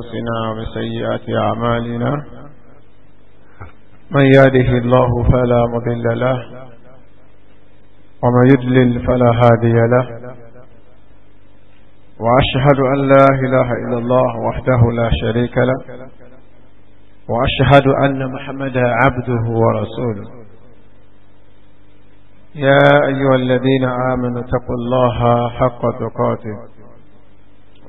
أنفسنا وسيئات أعمالنا من يهده الله فلا مضل له ومن يدلل فلا هادي له وأشهد أن لا إله إلا الله وحده لا شريك له وأشهد أن محمدا عبده ورسوله يا أيها الذين آمنوا اتقوا الله حق تقاته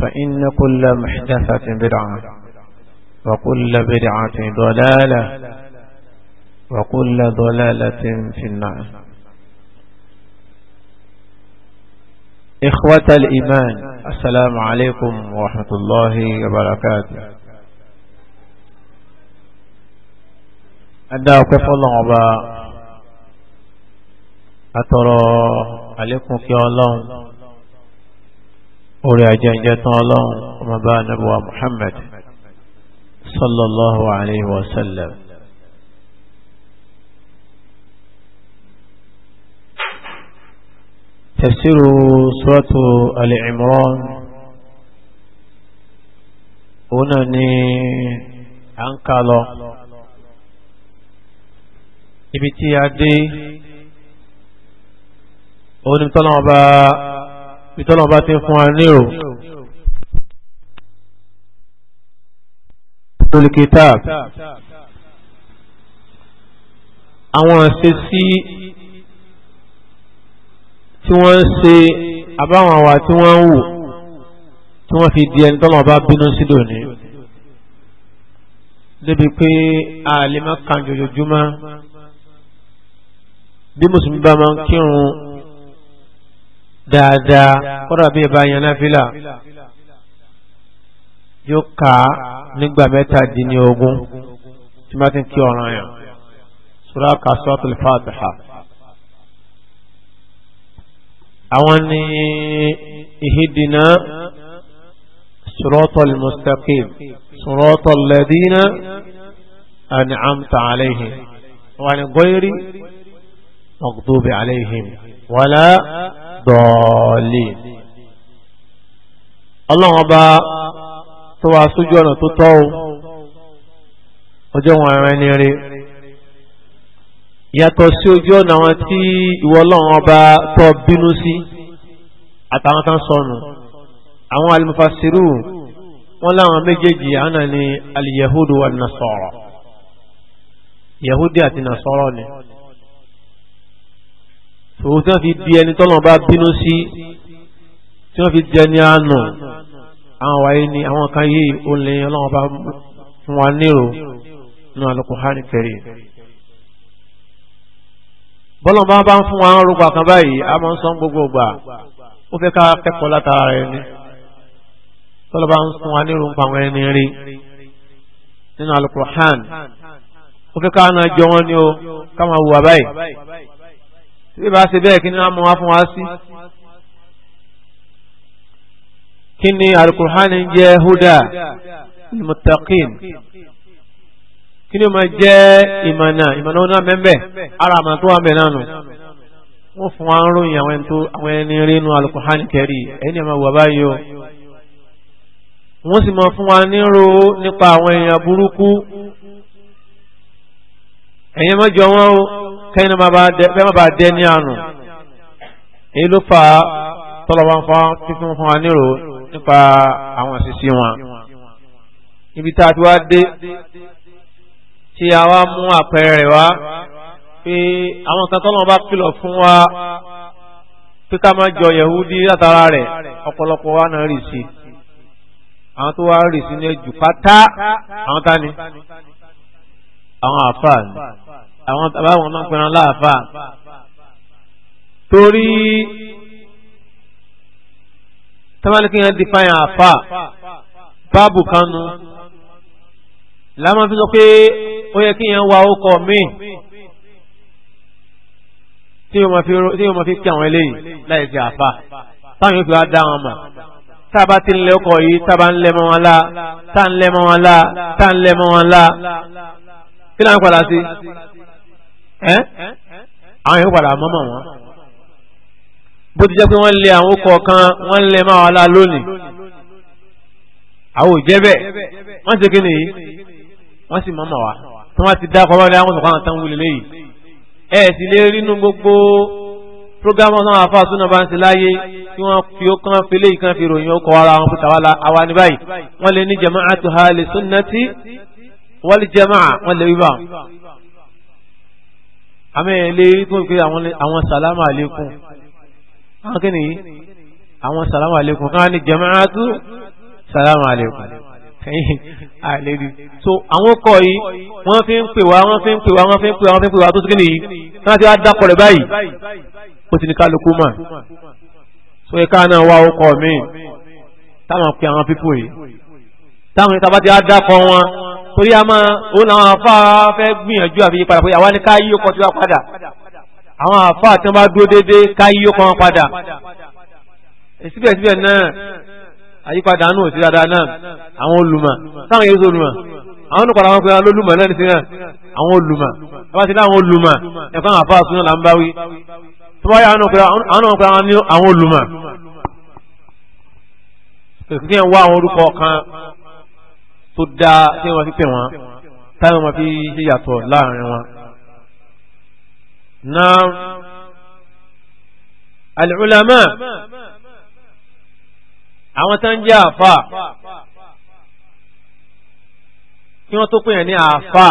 فإن كل محدثة بدعة وكل بدعة ضلالة وكل ضلالة في النار إخوة الإيمان السلام عليكم ورحمة الله وبركاته أنا كيف الله أبا أترى عليكم في الله orí ajẹ́jẹ́ tán ọlọ́run ọmọ bá nẹ́bùwà Muhammad sallallahu alayhi wa sallam تفسير سورة آل عمران هنا ني ibi tí a dé òun ni ìtọ́lọ́wọ́ bá ti fún a ní o. tolkitab àwọn ṣe sí tí wọ́n ń ṣe àbáwọn àwà tí wọ́n ń wò tí wọ́n fi di ẹni tọ́lọ́wọ́ bá bínú sí lónìí débi pé àlè má kàn jòjòjúmọ́ bí mùsùlùmí bá máa ń kírun. dada kọ́dà bí ìbá yan náfìlà yóò kà á nígbà mẹ́tàdínlógún tí wọ́n ti ń kí ọ̀ràn yàn sura ka suratul fatiha àwọn ní ihdina suratul mustaqim suratul ladina an'amta alayhim wa ni ghayri maghdubi alayhim wala. dọ̀ọ̀lì ọlọ́run ọba tó wá sójú ọ̀nà tó tọ́ o ọjọ́ wọn ara ẹni rí yàtọ̀ sí ojú ọ̀nà àwọn tí ìwọ ọlọ́run ọba tó bínú sí àtàwọn kan sọnù àwọn alimufasiru wọn láwọn méjèèjì àná ni aliyahudu wa nasara yahudi àti nasara ni. sòwò tí wọ́n fi di ẹni tọ́lọ̀ bá bínú sí tí wọ́n fi di ẹni àánú àwọn wáyé ni àwọn kan yìí ó lè ọlọ́wọ́n bá fún wa nírò nínú Al-Qur'ani Karim bọ́lọ̀ bá bá ń fún wa rúgbà kan báyìí a máa ń sọ gbogbo gbà ó fẹ́ ká kẹ́kọ̀ọ́ látara rẹ̀ ni tọ́lọ̀ bá ń fún wa nírò ń pa àwọn ẹni rí nínú Al-Qur'ani ó fẹ́ ká náà jọ wọn ni ó ká máa wù wá báyìí bí bá ṣe bẹ́ẹ̀ kí ni wọ́n mú wá fún wa sí. kí ni alukur'an ń jẹ́ huda ilmutaqin kí ni ma jẹ́ ìmọ̀nà ìmọ̀nà ọ̀nà mẹ́mbẹ́ ara àmà tó wà mẹ́ náà nù. wọ́n fún wa ń ròyìn àwọn ẹni tó àwọn ẹni rínú alukur'an kẹrì ẹni àmà wà báyìí o. wọ́n sì mọ̀ fún wa nírò nípa àwọn èèyàn burúkú ẹ̀yin mọ́jọ wọn o kẹ́yìn náà bẹ́ẹ̀ má bàa dẹ́ ní àná èyí ló fà á ń fọ́n títí fún wa nírò nípa àwọn àṣìṣe wọn. ibi tá a ti wá dé tí a wá mú àpẹẹrẹ rẹ̀ wá pé àwọn kan tọ́lọ́wọ́ bá kìlọ̀ fún wa pé ká má jọ Yẹ̀húdí látara rẹ̀ ọ̀pọ̀lọpọ̀ wa náà rì sí àwọn tó wá rì sí ní ẹjù pátá àwọn tá ni àwọn àfáà ni àwọn bàbá wọn náà pẹran láàfà torí tábàlìkì yẹn di fáyà àfà báàbù kanu lámà fi sọ pé ó yẹ kí yẹn wá ọkọ mi tí yóò máa fi kí àwọn eléyìí láì fi àfà táwọn yóò fi wá dá wọn mà tá ti ń lẹ ọkọ yìí tá ń lẹ mọ wọn la tá ń lẹ mọ wọn la tá ń lẹ mọ wọn la kí ló ń padà sí ẹ́ àwọn yóò padà mọ́mọ́ wọn bó ti jẹ́ pé wọ́n lé àwọn kọ̀ọ̀kan wọ́n lé máa wà láà lónìí àwọn ò jẹ́ bẹ́ẹ̀ wọ́n ti kí nìyí wọ́n sì mọ́mọ́ wa tí wọ́n ti dá ọkọ̀ wọn lé àwọn sọ̀kan àtàwọn wulẹ̀ léyìí ẹ̀ sì lè rí inú gbogbo programu náà àfa àtúnà bá ń ṣe láyé tí wọ́n fi ó kán fele ìkan fi ròyìn ó ara wọn pẹ̀tà wàhálà àwa ní báyìí wọ́n lè ní jama'atu ahli lè wíwá àmì ilé tó ń pè àwọn sàlámà àlékún àwọn kí nìyí àwọn sàlámà àlékún káwọn ní jama'atu sàlámà àlékún kẹyìn àlèrí so àwọn kọ yìí wọ́n fi ń pè wá wọ́n fi ń pè wá wọ́n fi ń pè wá wọ́n fi ń pè wá tó sí kí nìyí wọ́n ti wá dákọ̀ rẹ̀ báyìí ó ti ní kálukú mà so ẹ̀ka náà wá ó kọ̀ mí táwọn pe àwọn pípò yìí táwọn ìta bá ti wá dákọ̀ wọn torí a máa ó làwọn afá fẹ́ gbìyànjú àfi yípadà pé àwa ni ká yí ọkọ̀ tí wá padà àwọn afá tí wọ́n bá dúró déédéé ká yí ọkọ̀ wọn padà síbẹ̀síbẹ̀ náà àyípadà náà ò sí dáadáa náà àwọn olùmọ̀ sáwọn yéé olùmọ̀ àwọn olùkọ́ra wọn pe wọn lólùmọ̀ náà nìsín náà àwọn olùmọ̀ ẹ̀fọ́ ti dá àwọn olùmọ̀ ẹ̀fọ́ àwọn afá sunan là ń bá wí tó bá yà àwọn ọ̀pẹ àwọn olùmọ̀ kìkì wá àwọn orúkọ kan tó dáa tí wọ́n fi pè wọ́n táwọn ọmọ fi ṣe yàtọ̀ láàrin wọn. na al-ulama àwọn tó ń jẹ́ àfà kí wọ́n tó pè yàn ní àfà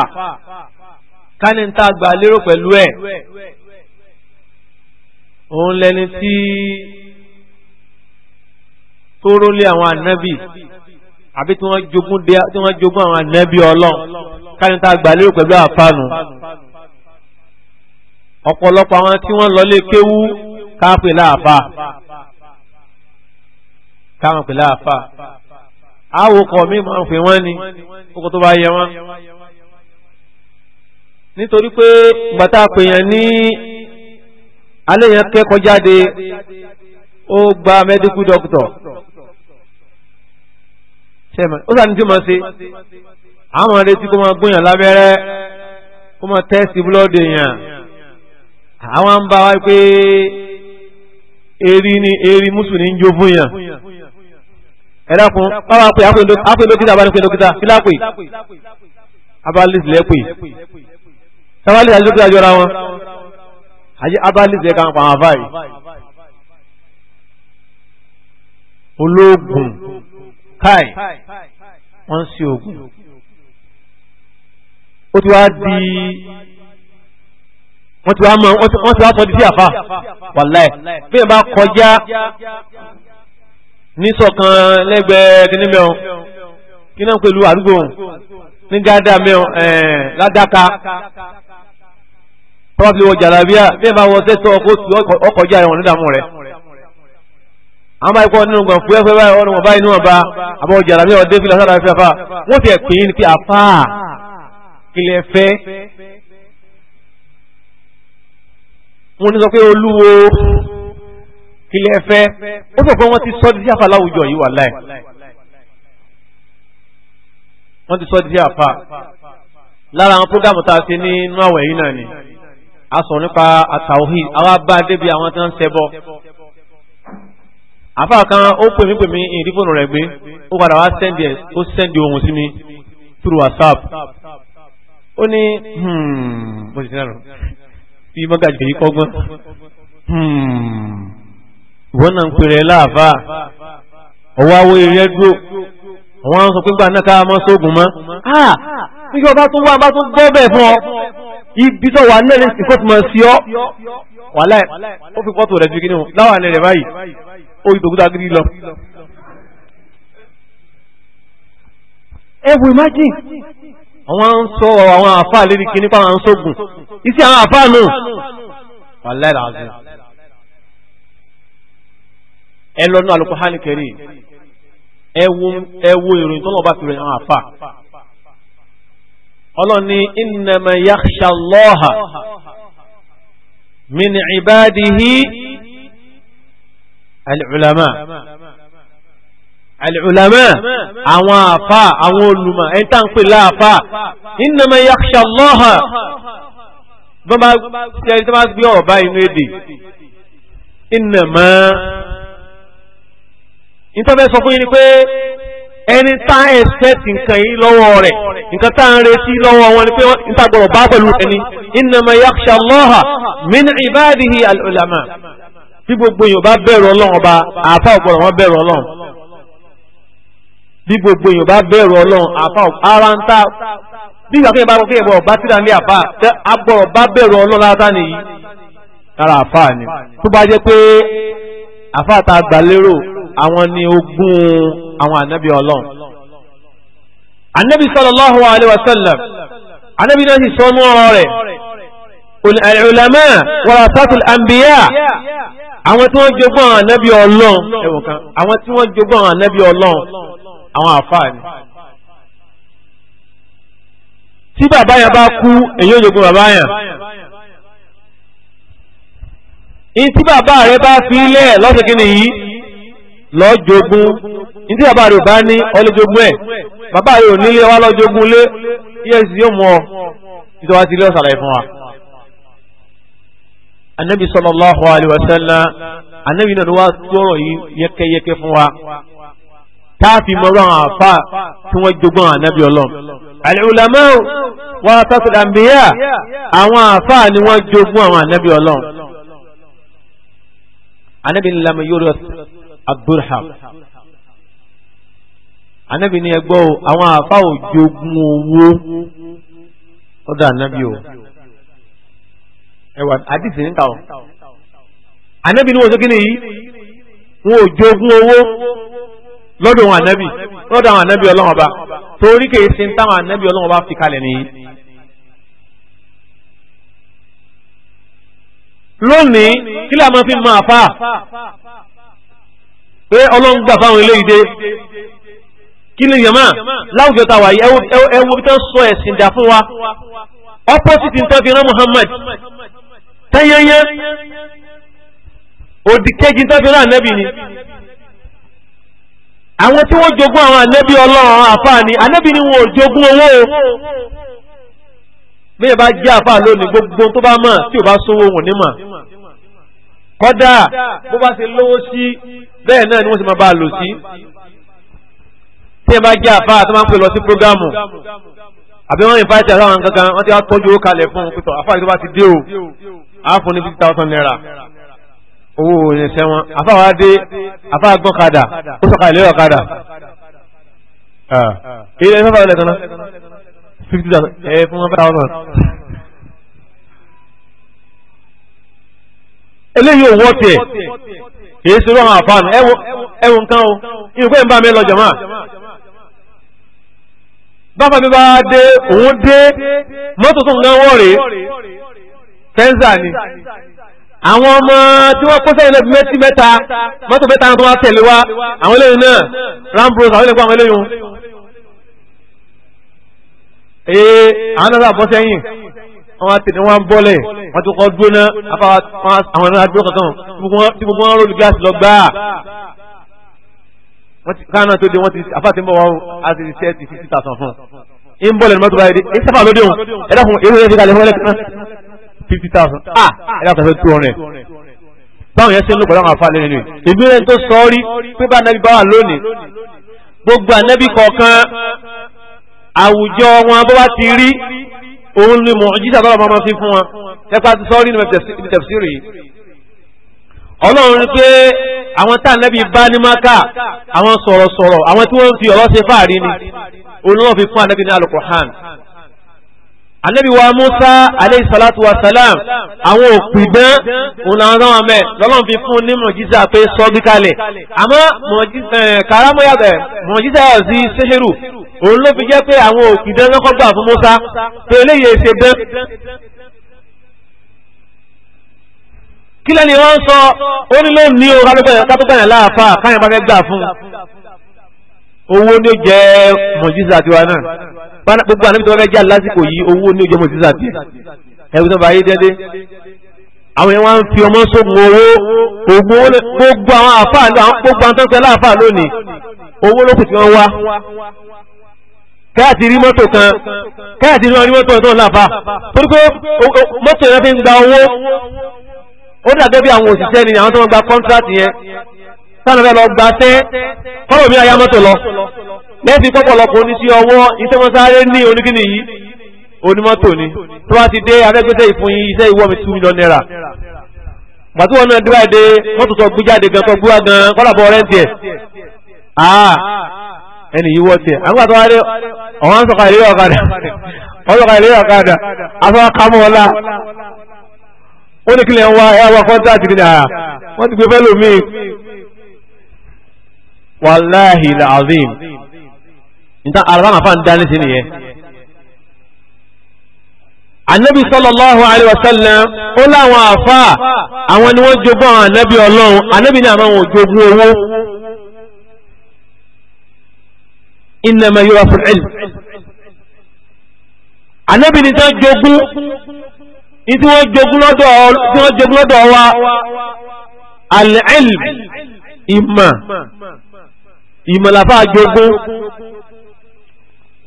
kání ń tá gbà lérò pẹ̀lú ẹ̀ òun lẹni tí tó rólé àwọn ànábì àbí tí wọ́n jogún dé tí wọ́n jogún àwọn ànábì ọlọ́run káni tá a gbà lérò pẹ̀lú àfàànù ọ̀pọ̀lọpọ̀ àwọn tí wọ́n lọlé kéwú káàpè láàfà káàpè láàfà àwòkọ mi máa ń pè wọ́n ni kókó tó bá yẹ wọ́n nítorí pé gbàtà pèèyàn ní alẹ́ yẹn kẹ́kọ̀ọ́ jáde ó gba medical doctor sẹ́mọ̀ ó sàn ní tí mo ṣe àwọn retí kó máa gbóyàn lábẹ́rẹ́ kó máa tẹ́sí búlọ́ọ̀dù èèyàn àwọn ń bá wa pé eri ni eri mùsùlùmí ń jó fún yàn ẹ dákun báwa pé àpè dókítà bá ní pé dókítà kí lápè abalẹ̀sílẹ̀ pè sábàlẹ̀ àti dókítà jọra wọn abalẹ̀sílẹ̀ kan pa àwọn báyìí olóògùn káì wọ́n ń ṣe oògùn ó ti wá di wọ́n ti wá mọ wọ́n ti wá sọ di sí àfa wàláì bí wọ́n bá kọjá nísọ̀kan lẹ́gbẹ̀ẹ́ kìnnìmẹ́ọ̀ kí náà pẹ̀lú àdúgbò ní gádà mẹ́ọ̀ ládáka probably wọ jàlábíà bí wọ́n bá wọ sẹ́sọ̀ ọkọ̀ ọkọ̀ ọjà ẹ̀wọ̀n nídàmú rẹ̀ àwọn báyìí kọ́ nínú gbọ̀n fúyẹ́fẹ́ báyìí ọ̀nà wọn báyìí níwọ̀n bá àbọ̀ jàrà mí ọ̀dẹ́ fi lọ́sàdà fẹ́ fà wọ́n ti ẹ̀pìn ní pé àfà ilẹ̀ fẹ́ wọ́n ní sọ pé olúwo ilẹ̀ fẹ́ ó sọ pé wọ́n ti sọ́ dídí àfà láwùjọ yìí wà láì wọ́n ti sọ́ dídí àfà lára àwọn prógámù tá a ṣe nínú àwẹ̀ yìí náà ni a sọ nípa àtàwọ̀ yìí àwa bá débi àwọn tí wọ́n ń ṣẹbọ àfáà kan ó pè mí pè mí ìdí fóònù rẹ̀ gbé ó padà wá sẹ́ndì ẹ̀ ó sẹ́ndì ohun sí mi through whatsapp ó ní hmm, mo sì ti náà bí mọ́gàjì yìí kọ́gbọ́n hmm, ìwọ́n náà ń pè rẹ̀ láàfáà ọwọ́ awó eré dúró àwọn sọ pé gbà náà ká mọ́ sóògùn mọ́ ah nígbà bá tún wá bá tún gbọ́ bẹ́ẹ̀ fún ọ ibi tó wà náà ní ìkọ́tùmọ̀ sí ọ wàhálà ó fi pọ́tò rẹ̀ ju kí ni láwàlẹ̀ rẹ̀ báyìí o yí tòkúta lọ. ẹ wò imagine àwọn ń sọ àwọn àfáà lérí kíní pa àwọn sógun iṣẹ́ àwọn àfáà nù wà láìra àzẹ. ẹ lọ nú Al-Qur'ani kẹrì ẹ wo ìròyìn tó lọ bá fi àwọn àfáà ọlọ́ni ibadihi. العلماء، العلماء، àwọn àfà àwọn olùmọ̀ ẹni tá ń pè láàfà innama yakhsha Allaha bọ́mà tẹ́lẹ̀ tó bá gbé ọ̀bá inú èdè innama ìtọ́fẹ́ sọ fún yín ni pé ẹni tá ẹ̀sẹ̀tì nǹkan yìí lọ́wọ́ rẹ̀ nǹkan tá ń retí lọ́wọ́ wọn ni pé ìtàgbọ̀rọ̀ bá pẹ̀lú ẹni innama yakhsha Allaha min ibadihi al tí gbogbo èèyàn bá bẹ̀rù ọlọ́run ọba àáfà ọ̀gbọ̀rọ̀ wọn bẹ̀rù ọlọ́run bí gbogbo èèyàn bá bẹ̀rù ọlọ́run àáfà ara ń ta bí ìgbà kéèyàn bá kéèyàn bọ̀ ọba tíra ní àbá tẹ agbọ̀rọ̀ bá bẹ̀rù ọlọ́run látà nìyí ara àfà ni tó bá jẹ́ pé àfà tá a gbà lérò àwọn ni ogún àwọn ànábì ọlọ́run ànábì sallallahu alaihi wasallam ànábì náà sì sọ nú ọ̀rọ̀ rẹ̀ al-ulama warasatul anbiya àwọn tí wọ́n jogún àwọn ànábì ọlọ́run ẹ̀wọ̀n kan àwọn tí wọ́n jogún àwọn ànábì ọlọ́run àwọn àfáà ni. tí bàbá yẹn bá kú èyí ò jogún bàbá yẹn. ní tí bàbá rẹ bá fi ilẹ̀ lọ́sẹ̀ kí nìyí lọ́ọ́ jogún ní tí bàbá rẹ ò bá ní ọlọ́jogún ẹ̀ bàbá rẹ ò nílé wa lọ́ọ́ jogún lé efcc yóò mú ọ títí wá sí ilé ọ̀sàlẹ̀ fún wa anabi sallallahu alayhi wa sallam anabi náà ló wá sọ̀rọ̀ yìí yẹ́kẹ́yẹ́kẹ́ fún wa táàfì mọ́rọ́ àwọn àfà tí wọ́n jogún ànábì ọlọ́run al-ulama warathatul anbiya àwọn àfà ni wọ́n jogún àwọn ànábì ọlọ́run ànábì lam yurith ad-dirham ànábì ní ẹgbọ́ àwọn àfà ò jogún owó ọ̀dọ̀ ànábì o ẹwà àdìsí ń ta ọ ànábì ni wọn sọ kí ni yìí wọn ò jogún owó lọ́dọ̀ àwọn ànábì lọ́dọ̀ àwọn ànábì Ọlọ́run ọba torí kèé ṣe ń táwọn ànábì Ọlọ́run ọba fi kalẹ̀ nìyí. lónìí kí lè máa fi máa fà pé Ọlọ́run gbà fáwọn eléyìí dé kí ni yàmá láwùjọ ta wà yìí ẹwọ bí tó sọ ẹ̀sìn dà fún wa opposite ní tó fi rán Muhammad tẹ́yẹ́yẹ́ òdì kejì tó fi ànẹ́bì ni àwọn tí wọ́n jogún àwọn ànẹ́bì ọlọ́run àfáà ni ànẹ́bì ni wọn ò jogún owó bí ẹ bá jẹ́ àfáà lónìí gbogbo tó bá mọ̀ tí ò bá sówó wọn ní mọ̀ kọ́dà bó bá ṣe lówó sí bẹ́ẹ̀ náà ni wọ́n sì máa bá a lò sí tí ẹ bá jẹ́ àfáà tó máa ń pè lọ sí prógámù àbí wọ́n invite àwọn kankan wọ́n ti wá tọ́jú owó kalẹ̀ fún un pé tọ́ àfáà tó bá ti dé o á fún ní fifty thousand naira owó ìrìnsẹ̀ wọn àfáwá dé àfáà gbọ́n kadà ó sọ̀ka ìlérò kadà èyí lẹ́yìn fẹ́fà lẹ́kan náà fifty thousand ẹ̀ fún one thousand. eléyìí ò wọ́ tiẹ̀ èyí ṣe lọ́hàn àfáànù ẹ̀wọ̀n nǹkan o ìrùkọ́ ìbá mi lọ jọ̀mọ́ báfà mi bá dé òun dé mọ́tò tó ń gán wọ́ rèé tẹ́ńsà ni àwọn ọmọ tí wọ́n kó sẹ́yìn lẹ́bi mẹ́tí mẹ́ta mọ́tò mẹ́ta tó wá tẹ̀lé wa àwọn eléyìí náà rambros àwọn eléyìí àwọn eléyìí ee àwọn náà bọ́ sẹ́yìn wọ́n á tẹ̀lé wọn bọ́lẹ̀ wọ́n tó kọ́ gbóná àwọn náà dúró kankan tí gbogbo wọn rólù gáàsì lọ gbáà káàná tó dé wọ́n ti àfáàtì ń bọ̀ wọ́n á ti ṣe ti fifty thousand fún un ń bọ̀lẹ̀ ní mọ́tò báyìí ẹ sábà lóde wọn ẹ dákun èrò ẹ̀ fi kalẹ̀ fifty thousand ah ẹ̀rọ kan fẹ́ tó ọrẹ báwọn yẹn ṣe ń lò pẹ̀lú àwọn afáàlẹ́ nínú ìlú rẹ̀ tó sọ rí pé bá anabi bá wà lónìí gbogbo anabi kọ̀ọ̀kan àwùjọ wọn bó bá ti rí òun ni mọ̀jísà tọ́lọ̀ máa fi fún wọn ẹ̀pá ti sọ rí nínú tafsiri ọlọ́run pé àwọn tá anabi bá ní maka àwọn sọ̀rọ̀sọ̀rọ̀ àwọn tí wọ́n fi ọ̀rọ̀ ṣe fáàrí ni òun náà fi fún anabi ní alukur'an Ànábì wa Musa alayhi salatu wa salam àwọn òpìdán òun àwọn ọmọ mẹ́ lọ́lọ́n fi fún ní mọ̀jísà pé sọ bí kalẹ̀ àmọ́ kàrámọ́yàbẹ̀ mọ̀jísà sí sẹ́hẹ̀rù òun ló fi jẹ́ pé àwọn òpìdán lọ́kọ́ gbà fún Musa pé eléyìí ṣe dán kí lẹ́ni wọ́n ń sọ ó nílò ní o kátógbàyàn láàfáà káyàn bá fẹ́ gbà fún owó ní jẹ́ mọ̀jísà tiwa náà gbogbo àná tí wọ́n fẹ́ já lásìkò yìí owó ní jẹ́ mọ̀jísà tiẹ̀ ẹ̀rù tó bá yé dédé àwọn yẹn wá ń fi ọmọ sógun owó ogun owó gbogbo àwọn àfáà lọ àwọn gbogbo àwọn tó ń pẹ́ láàfáà lónìí owó ló kù tí wọ́n wá káàtì rí mọ́tò kan káàtì rí wọn rí mọ́tò ọ̀tọ̀ láàfà torí pé mọ́tò yẹn fi ń gba owó ó dàgẹ́ bí àwọn òṣìṣẹ́ ni àwọn tó ń gba kọ́ńtrátì yẹn sáànà fẹ́ lọ gbaṣẹ́ kọ́rọ̀ mi àyà mọ́tò lọ lẹ́sìn pọ́pọ̀lọpọ̀ ní sí ọwọ́ iṣẹ́ wọn sáré ní oníkíní yìí onímọ́tò ni tó bá ti dé abẹ́gbẹ́sẹ̀ ìfún yín iṣẹ́ ìwọ́ mi two million naira gbàtí wọn náà dúró èdè mọ́tò sọ gbé jáde gan sọ gbé wá gan kọ́lá bọ́ rẹ́ǹtì ẹ̀ aa ẹni yìí wọ́ tiẹ̀ àwọn àtọ́wá dé ọ̀hún sọ̀kà ìlérí wàláhì làzim níta àrùbá màfà ń dání sí nìyẹn. anabi sallallahu alayhi wa sallam ó láwọn àfa àwọn ni wọ́n jogún àwọn anabi ọlọ́run anabi ní àwọn òjogún owó. innama yóò wá fún ilm. anabi ní sọ jogún ní tí wọ́n jogún lọ́dọ̀ wa al-ilm ìmọ̀ ìmọ̀láfà jogún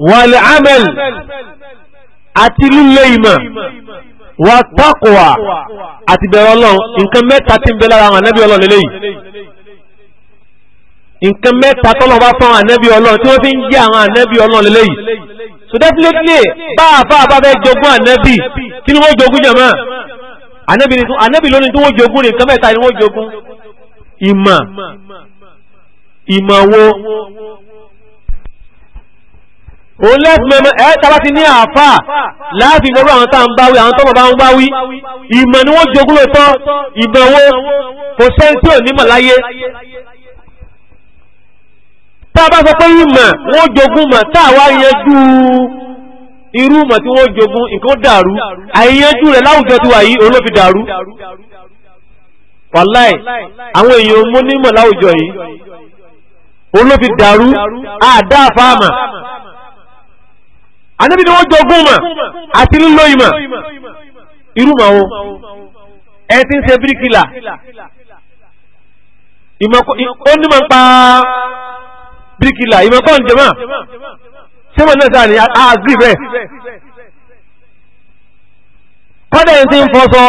wal amal àti lílé ìmọ̀ wà taqwa àti bẹ̀rẹ̀ ọlọ́run nǹkan mẹ́ta tí ń bẹ lára àwọn ànábì ọlọ́run lélẹ́yìí nǹkan mẹ́ta tọ́lọ̀ bá fún ànábì ọlọ́run tí wọ́n fi ń jẹ́ àwọn ànábì ọlọ́run lélẹ́yìí so definitely bá àbá àbá fẹ́ jogún ànábì kí ni wọ́n jogún jàmá ànábì lónìí tí wọ́n jogún nǹkan mẹ́ta ni wọ́n jogún ìmọ̀ ìmọ̀ wo òun lẹ́fìmọ̀ ẹ́ tàbá ti ní àfà láàfin gbogbo àwọn tàà ń báwí àwọn tọ́mọ̀ bá ń báwí ìmọ̀ ni wọ́n jogún lóòtọ́ ìmọ̀ wo kò sẹ́ni tí ò nímọ̀ láyé tá a bá sọ pé ìmọ̀ wọ́n jogún mọ̀ tá a wá yanjú irú mọ̀ tí wọ́n jogún nǹkan dàrú àìyanjú rẹ̀ láwùjọ ti wà yìí òun dàrú wàláì àwọn èèyàn mú nímọ̀ láwùjọ yìí òun ló fi dàrú àdá àfáàmà anábì ni wọ́n jogún mà àti lílo ìmọ̀ irú mà wo ẹ ti ń ṣe bíríkìlà ó ní ń pa bíríkìlà ìmọ̀kọ́ ń jẹmọ́ sẹ́wọ̀n náà sáà ní àgbì bẹ́ẹ̀ kọ́dẹ̀ ẹ̀ ti ń fọ́sọ́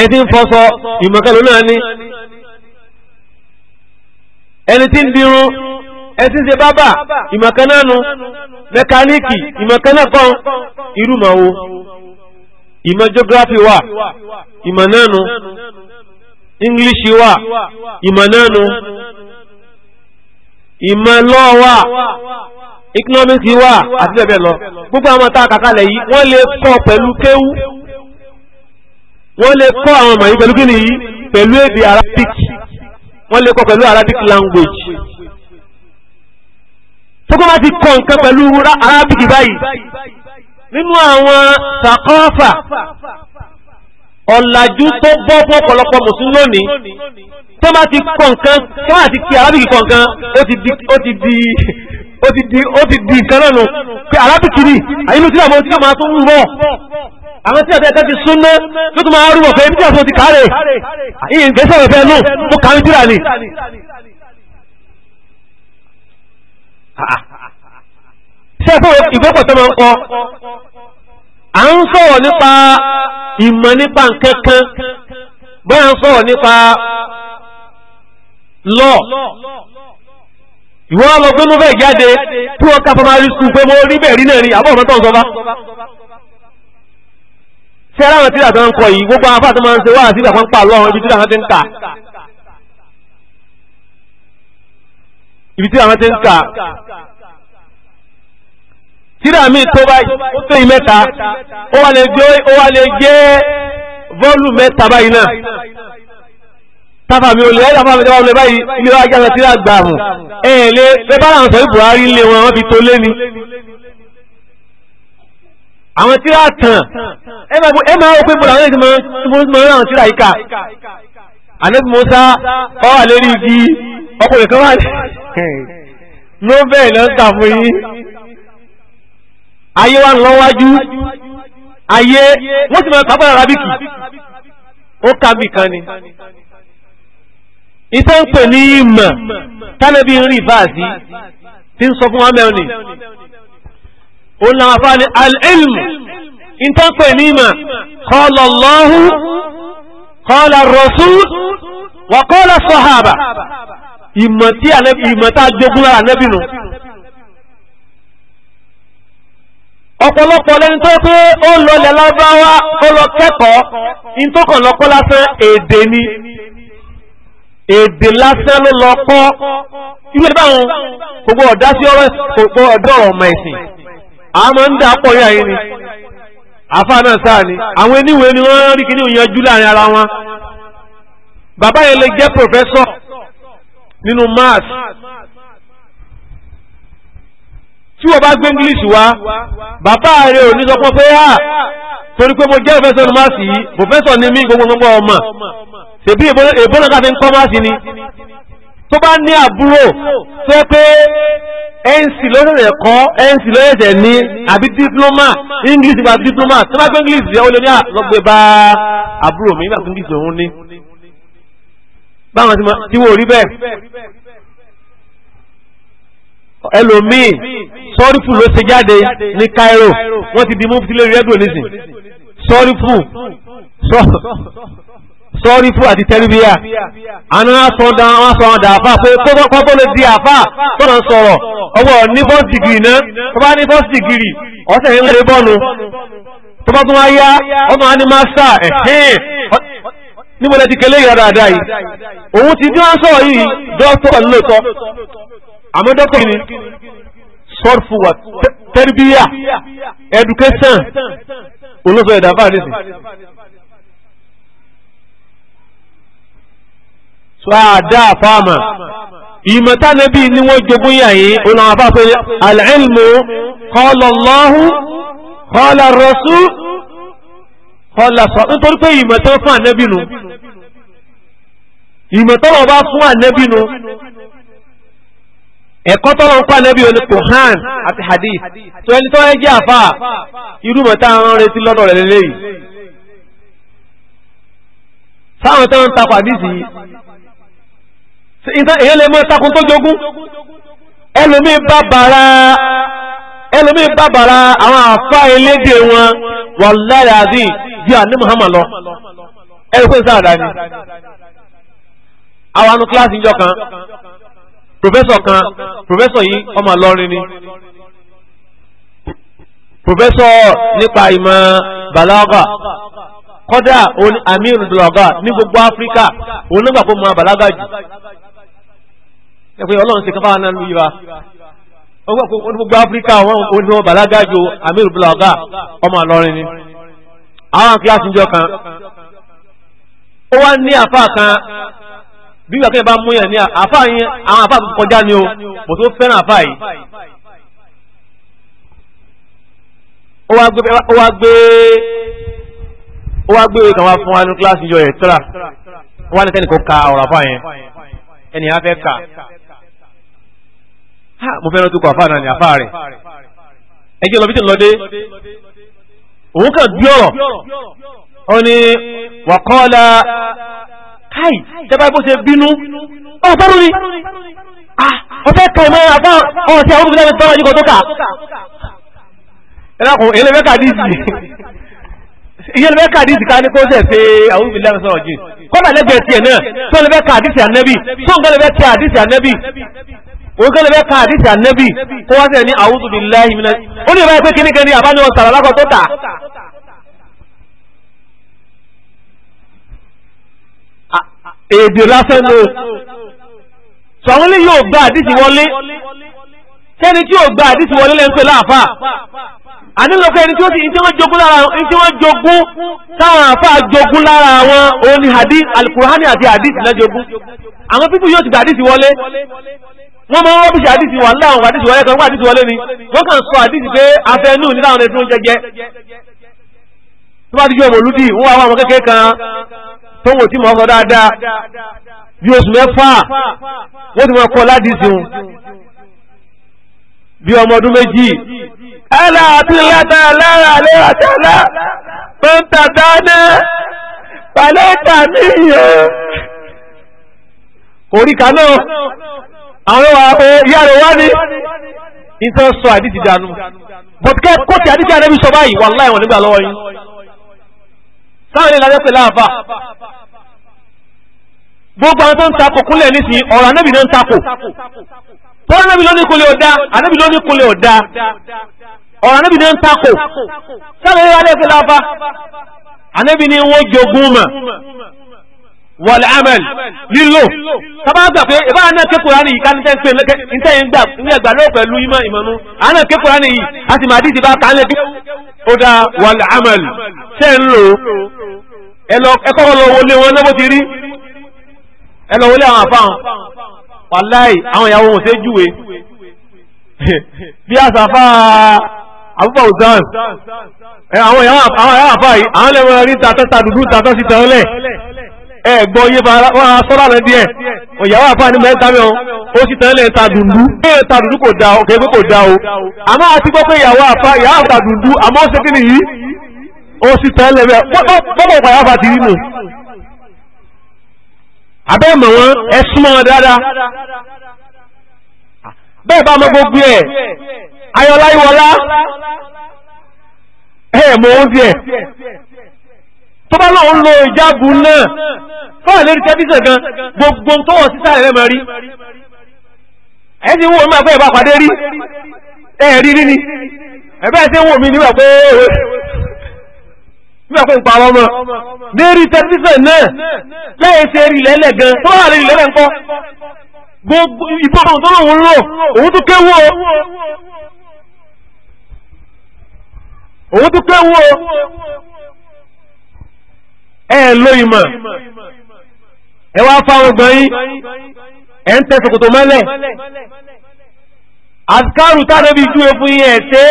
ẹ̀ ti ń fọ́sọ́ ìmọ̀kẹ́ lónà ní ẹni tí ń dirun ẹni tí ń ṣe bábà ìmọ̀kánánu mẹkáníìkì ìmọ̀kánákan irú màá wo ìmọ̀ geography wà ìmọ̀ nánu English wà ìmọ̀ nánu ìmọ̀ law wà economics wà àti bẹ́ẹ̀ bẹ́ẹ̀ lọ gbogbo àwọn tá a kàkálẹ̀ yìí wọ́n lè kọ́ pẹ̀lú kéwú wọ́n lè kọ́ àwọn ọmọ yìí pẹ̀lú kí nìyí pẹ̀lú èdè Arabic wọ́n lè kọ́ pẹ̀lú arabic language tókó bá ti kọ́ nǹkan pẹ̀lú arabic báyìí nínú àwọn sàkọ́fà ọ̀làjú tó bọ́ fún ọ̀pọ̀lọpọ̀ mùsùlùmí lónìí tó bá ti kọ́ nǹkan tó bá ti kí arabic kọ́ nǹkan ó ti di ó ti di ó ti di nǹkan náà nù pé arabic ni àyínú sílẹ̀ mọ́ tí wọ́n máa tún ń rọ̀ àwọn tí àtẹ́kẹ́ ti súnmọ́ tó tún máa rúbọ̀ pé bí àfọ́ ti kàárẹ̀ ìgbésẹ̀ rẹ̀ bẹ́ẹ̀ náà tó kàrí tíra ni. ṣé ẹ̀fọ́ ìgbẹ́pọ̀ tó máa ń kọ́ à ń sọ̀rọ̀ nípa ìmọ̀ nípa nǹkankan bóyá ń sọ̀rọ̀ nípa lọ́ọ̀ ìwọ́n lọ gbé mú bẹ́ẹ̀ jáde tí wọ́n ká pamari sùn pé mo rí bẹ́ẹ̀ rí náà ni àbọ̀ ọ̀mọ́tọ̀ ń sọ bá tẹ́rà àwọn tíra tó ń kọ yìí gbogbo àwọn fàtọ́ máa ń ṣe wá àti ìgbà kan pa lọ́wọ́ ibi tíra àwọn ti ń kà ibi tíra àwọn ti ń kà tíra mi tó báyìí ó tó yìí mẹ́ta ó wà lè gbé ó wà lè gbé vọ́ọ̀lù mẹ́ta báyìí náà tábà mi ò lè ẹ́dà fáwọn ìjọba ọmọ báyìí ilé wa jẹ́ àwọn tíra gbàmù ẹ̀ẹ́lẹ́ bẹ́ẹ̀ bá àwọn sọ̀rọ̀ Buhari lé wọn wọ́n fi tó lé ni àwọn tíra tàn ẹ máa wọ́n pé bọ́lá àwọn ìgbìmọ̀ túnmọ̀ ní àwọn tíra yíká Ànábì Mùsá ó wà lérí igi ọkùnrin kan wà ló bẹ́ẹ̀ lọ ń kà fún yín ayé wa lọ wájú ayé wọ́n ti máa kà bọ́lá arábìkì ó kà mí kan ni ìtàn pè ní ìmọ̀ tánàbí ń rí báàsì tí ń sọ fún wa mẹ́rin ó láwọn afá ní al'ilmu ìtọ́pẹ̀ nímọ̀ qala Allahu qala rasul wa qala sahaba ìmọ̀tá jogun lára nẹ́bìnú ọ̀pọ̀lọpọ̀ lẹ́ni tó pé ó lọlẹ̀ lábáwá ó lọ kẹ́kọ̀ọ́ in tó kàn lọ́kọ́ lásán èdè ni èdè lásán ló lọ kọ́ ìwé gbogbo ọ̀dá sí ọ̀rọ̀ ọmọ ẹ̀sìn àmọ́ ń dà pọ̀ yá yín ni àfa náà sáà ni àwọn eníwèé ni wọ́n rí kíní òyanjú láàrin ara wọn bàbá yẹn lè jẹ́ pòfẹ́sọ̀ nínú mass tí wọ́n bá gbé english wá bàbá rẹ̀ ò ní sọ pé à ah, torí pé mo jẹ́ pòfẹ́sọ̀ nínú mass yìí pòfẹ́sọ̀ ni mí gbogbo gbogbo ọmọ ṣèbí èbó náà ń kọ́ mass ni tó bá ní àbúrò tó yẹ pé ẹnsì lọ́sẹ̀sẹ̀ kọ́ ẹnsì lọ́sẹ̀sẹ̀ ní àbí dípúlọ́mà english nípa dípúlọ́mà tó bá gbé english yẹ ó lè ní àlọ́gbé ah, bá àbúrò mi nígbà tó english òun ní. báwọn ti wò rí bẹ́ẹ̀ ẹlòmíì sọ́rífù ló ṣe jáde ní Cairo wọ́n ti di mufti lórí rẹ́díò nísìn sọ́rífù tọ́rífù àti tẹ́ríbíà àná sọ́dá wọn sọ ọ̀dà àfà pé kọ́kọ́ lè di àfà tọ́nà sọ̀rọ̀ ọwọ́ ní bọ́ọ̀sì dìgírì náà tó bá ní bọ́ọ̀sì dìgírì ọ̀sẹ̀ ń lè bọ́ọ̀nù tó bá tún wá yá ọmọ á ní máṣà ẹ̀hìn níbo lẹ ti kẹlé ìyá dáadáa yìí òun ti dí wọn sọ̀rọ̀ yìí dọ́kítọ̀ lóòótọ́ àmọ́ dọ́kítọ̀ yìí sọ́ọ̀fù wà tẹ́ríbíà education olóòfẹ́ ìdàbà nísìnyí dáa fáàmà ìmọ̀tá níbi ni wọ́n jogún yà yìí ọ̀nà àbáfẹ́ alẹ́lmù kọlọ̀lọ́hún kọlọ̀ rọ̀sú kọlọ̀ sọ nítorí pé ìmọ̀tá fún ànẹ́bìnú ìmọ̀tá wọ́n bá fún ànẹ́bìnú ẹ̀kọ́ tọ́rọ ń pà nẹ́bí olè kòhán àti hadith tó ẹni tó ẹ àfà irúmọ̀ tá àwọn retí lọ́dọ̀ rẹ̀ lélẹ́yìí sáwọn tó ń takọ̀ àdìsí èyàn lè mọ́ takun tó jogún ẹlòmí bàbàrà ẹlòmí bàbàrà àwọn àfá elédè wọn wàláyà àdì bí àní Muhammad lọ ẹ̀rùkú ìsáàdá ni àwọn anú kíláàsì ìjọ kan pòfẹ́sọ̀ kan pòfẹ́sọ̀ yìí ọmọ lọ́rin ni pòfẹ́sọ̀ nípa ìmọ̀ bàlágà kọ́dà àmì ìrùndùlọ́gà ní gbogbo Áfíríkà òun nígbà kó mọ bàlágà jù ẹ̀pẹ́ ọlọ́run ti kábàá náà lóyún wa wọ́n gbogbo áfíríkà wọ́n ní wọ́n bàlágà jo amir bulaga ọmọ àlọ́rin ni àwọn kíláàsì ń jọ kan ó wá ní àfa kan bí wàá kẹ́yìn bá mú yàn ní àfa yín àwọn àfa kọjá ni o mo tó fẹ́ràn àfa yìí ó wá gbé ó wá gbé ó wá gbé ìkàwá fún wa ní kíláàsì yọ ẹ̀ tíra wọ́n á ní kẹ́nìkan ka ọ̀rọ̀ àfa yẹn ẹnì fẹ́ kà mo fẹ́ràn tó kọ àfa náà ní àfa rẹ̀ ẹ jẹ́ lọ bí tí ń lọ dé òun kàn gbé ọ̀rọ̀ ó ní wàkọ́ọ́lá káì tẹ́bá bó ṣe bínú ọ̀ bá rúni ọ̀fẹ́ kàì mọ́ àbá ọ̀tí àwọn olùgbé tọ́wọ́ yíkọ̀ tó kà ẹ̀rọ̀kùn ẹlẹ́fẹ́ kàdíìsì iye lẹ́fẹ́ kàdíìsì ká ní kó ṣẹ̀ ṣe àwọn olùgbé sọ̀rọ̀ jù kọ́nà lẹ́gbẹ̀ẹ́ tiẹ̀ náà tó lẹ́fẹ́ kàdíìsì ànẹ́bì tó ń gbẹ́ lẹ́fẹ́ kàdíìsì ànẹ́bì òun kẹ́lẹ̀ fẹ́ ka àdìsí ànẹ́bì kó wá sẹ́yìn ní àwùjọ bíi láì mílẹ̀ ó lè báyìí pé kíní kan ní àbáni sàrà lákọ̀ tó tà. èdè lásán ló sọ̀rọ̀ lè yóò gba àdìsí wọlé kẹ́ni tí yóò gba àdìsí wọlé lẹ́nu pẹ̀lú àfà ànílọ́kọ̀ ẹni tí wọ́n ti ìtí wọ́n jogún lára wọn ìtí wọ́n jogún táwọn àfà jogún lára wọn òun ni hadith alukurhani àti hadith náà àwọn pípù yóò ti gba àdìsí wọlé wọ́n máa ń rọ́bìsì àdìsí wà ńlá àwọn àdìsí wọlé kan wọ́n àdìsí wọlé ni wọ́n kàn sọ àdìsí pé afẹ́nú ní láwọn ẹ̀dùn jẹjẹ tó bá ti jẹ́ òmòlúdì wọ́n wá àwọn kékeré kan tó wò tí mọ̀ ọ́kọ̀ dáadáa bí oṣù mẹ́fà wọ́n ti mọ̀ ọkọ̀ ládìsí wọn bí ọmọ ọdún méjì ẹ̀là àti ìyáta lára àlera tẹ́lá tó ń tàdá náà pàlẹ́ta níyẹn oríkà náà àwọn ọmọ wa pé eh, ìyá rẹ̀ wá ní ìtàn sọ àdìsí dànù bọ̀dùkẹ́ kóòtù àdìsí àdìsí sọ báyìí wàláhì wọn nígbà lọ́wọ́ yín sáwọn ilé lájẹ́ pè láàfà gbogbo àwọn tó ń takò kúnlẹ̀ nísìnyí ọ̀rọ̀ anábì ló ń takò tọ́lá anábì ló ní kúnlẹ̀ ọ̀dá anábì ló ní kúnlẹ̀ ọ̀dá ọ̀rọ̀ anábì ló ń takò sáwọn ilé pè láàfà anábì ni wọ́n jogún mọ̀ wọ̀lẹ̀ amẹ́l lílò tàbá gbà pé ìbá náà ké Kùránì yìí ká ní tẹ́sí lẹ́kẹ́ ìtẹ́yìn gbà ní ẹgbà lọ́wọ́ pẹ̀lú ìmọ̀ ìmọ̀nú àánà ké Kùránì yìí a sì máa dìde bá ká lẹ́bí ó dá wọ̀lẹ̀ amẹ́l tẹ́ ń lò ẹkọ́ lọ wọlé wọn lọ́wọ́ ti rí ẹ lọ wọlé àwọn àfáàn wàláì àwọn ìyàwó wọn ṣe júwe bí àsàfà àbúbà ọ̀sán àwọn ìyàwó àfáà yìí àwọn lẹ́wọ̀n rí tatọ́ ẹ gbọ́ yé bá sọ́lá rẹ̀ díẹ̀ òyàwó àfáàní mẹ́ta ó sì tẹ́lẹ̀ ta ẹ̀ ta kò o kẹ́gbẹ́ kò da o àmọ́ àti gbọ́ pé ìyàwó àfá ìyàwó àmọ́ ó ṣe kí nìyí ó sì tẹ́lẹ̀ bẹ́ẹ̀ gbọ́dọ̀ ọ̀pọ̀ ti rí abẹ́ mọ̀ wọ́n ẹ súnmọ́ wọn dáadáa bẹ́ẹ̀ bá mọ gbogbo tó bá lọ́wọ́ ń lo ìjábù náà fọ́wà lórí tẹ́bísẹ̀ gan gbogbo tó wọ̀ sísá rẹ̀ mọ̀ rí ẹ̀yẹ́sì wọ́n mi àpẹ́ ìbá pàdé rí ẹ̀ẹ̀rí rí ni ẹ̀bẹ́ ẹ̀sẹ̀ wọ́n mi nígbà pé nígbà pé ìpàwọ́ mọ̀ lérí tẹ́bísẹ̀ náà lẹ́yìn ṣe rí lẹ́lẹ̀ gan tó wà lórí lẹ́lẹ̀ ńkọ́ gbogbo ìbọn tó lọ́wọ́ ń lò òun tó kéwò òun tó kéwò ẹ lo ìmọ̀ ẹ wá fáwọn gan yín ẹ ń tẹsẹ̀ kòtò mọ́lẹ̀ àkárù tàbí ju efu yín ẹ̀ ṣe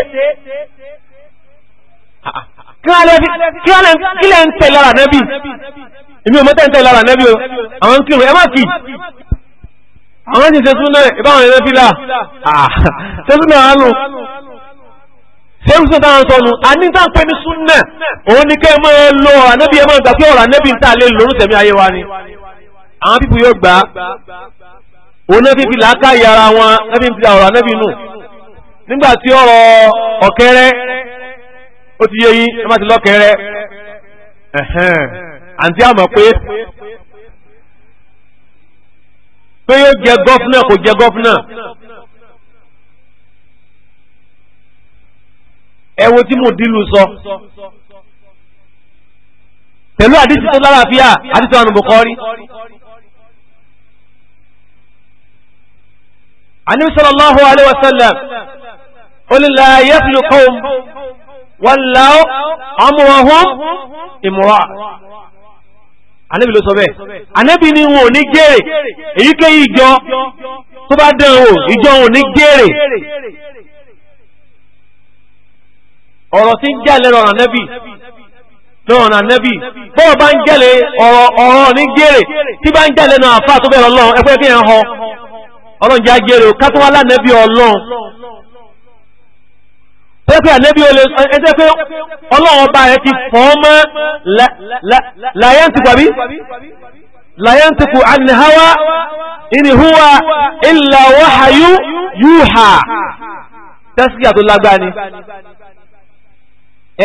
kílẹ̀ ń tẹ̀ lára nẹ́bí èmi ò mọ́tẹ́ ń tẹ̀ lára nẹ́bí o àwọn ń kírun ẹ má kì àwọn ti ṣe súnlẹ̀ ìbáwọn ẹ̀rẹ́ fílà ṣe súnlẹ̀ àánú ṣéwùsù táwọn sọnù àní tá ń pè ní súnà òun ni kẹ́ mọ́ ẹ lọ ànábì ẹ mọ́ ẹ gbà pé ọ̀rọ̀ ànábì ń tà lé lórú tẹ̀mí ayé wa ni àwọn pípù yóò gbà òun náà fífi làákàyè ara wọn náà fífi ọ̀rọ̀ ànábì nù nígbà tí ọ̀rọ̀ ọ̀kẹ́rẹ́ ó ti yé yín ẹ má ti lọ́kẹ́rẹ́ àǹtí àmọ̀ pé pé yóò jẹ gọ́fúnà kò jẹ gọ́fúnà ẹ wo tí mo dìlù sọ pẹ̀lú àdìsí tó lálàáfíà àdìsí àwọn Bukhari. Ànábì sallallahu alaihi wasallam قل لا يفل قوم ولوا امرهم امراه Ànábì ló sọ bẹ́ẹ̀ Ànábì ni wọn ò ní jèrè èyíkéyìí ìjọ tó bá dẹ̀wò ìjọ wọn ò ní jèrè ọ̀rọ̀ tí ń jálẹ̀ lọ́rọ̀ nẹ́bì lọ́rọ̀ nẹ́bì bọ́ọ̀ bá ń jálẹ̀ ọ̀rọ̀ ní gẹ́rẹ̀ tí bá ń jálẹ̀ náà àfà tó bẹ̀rẹ̀ ọlọ́run ẹgbẹ́ kí ẹ̀ họ ọlọ́run já gẹ́rẹ̀ kátówá lánẹ́bì ọlọ́run pẹ́pẹ́ ànẹ́bí ọlọ́run ọba rẹ̀ ti fọ́ mọ́ yúhà ni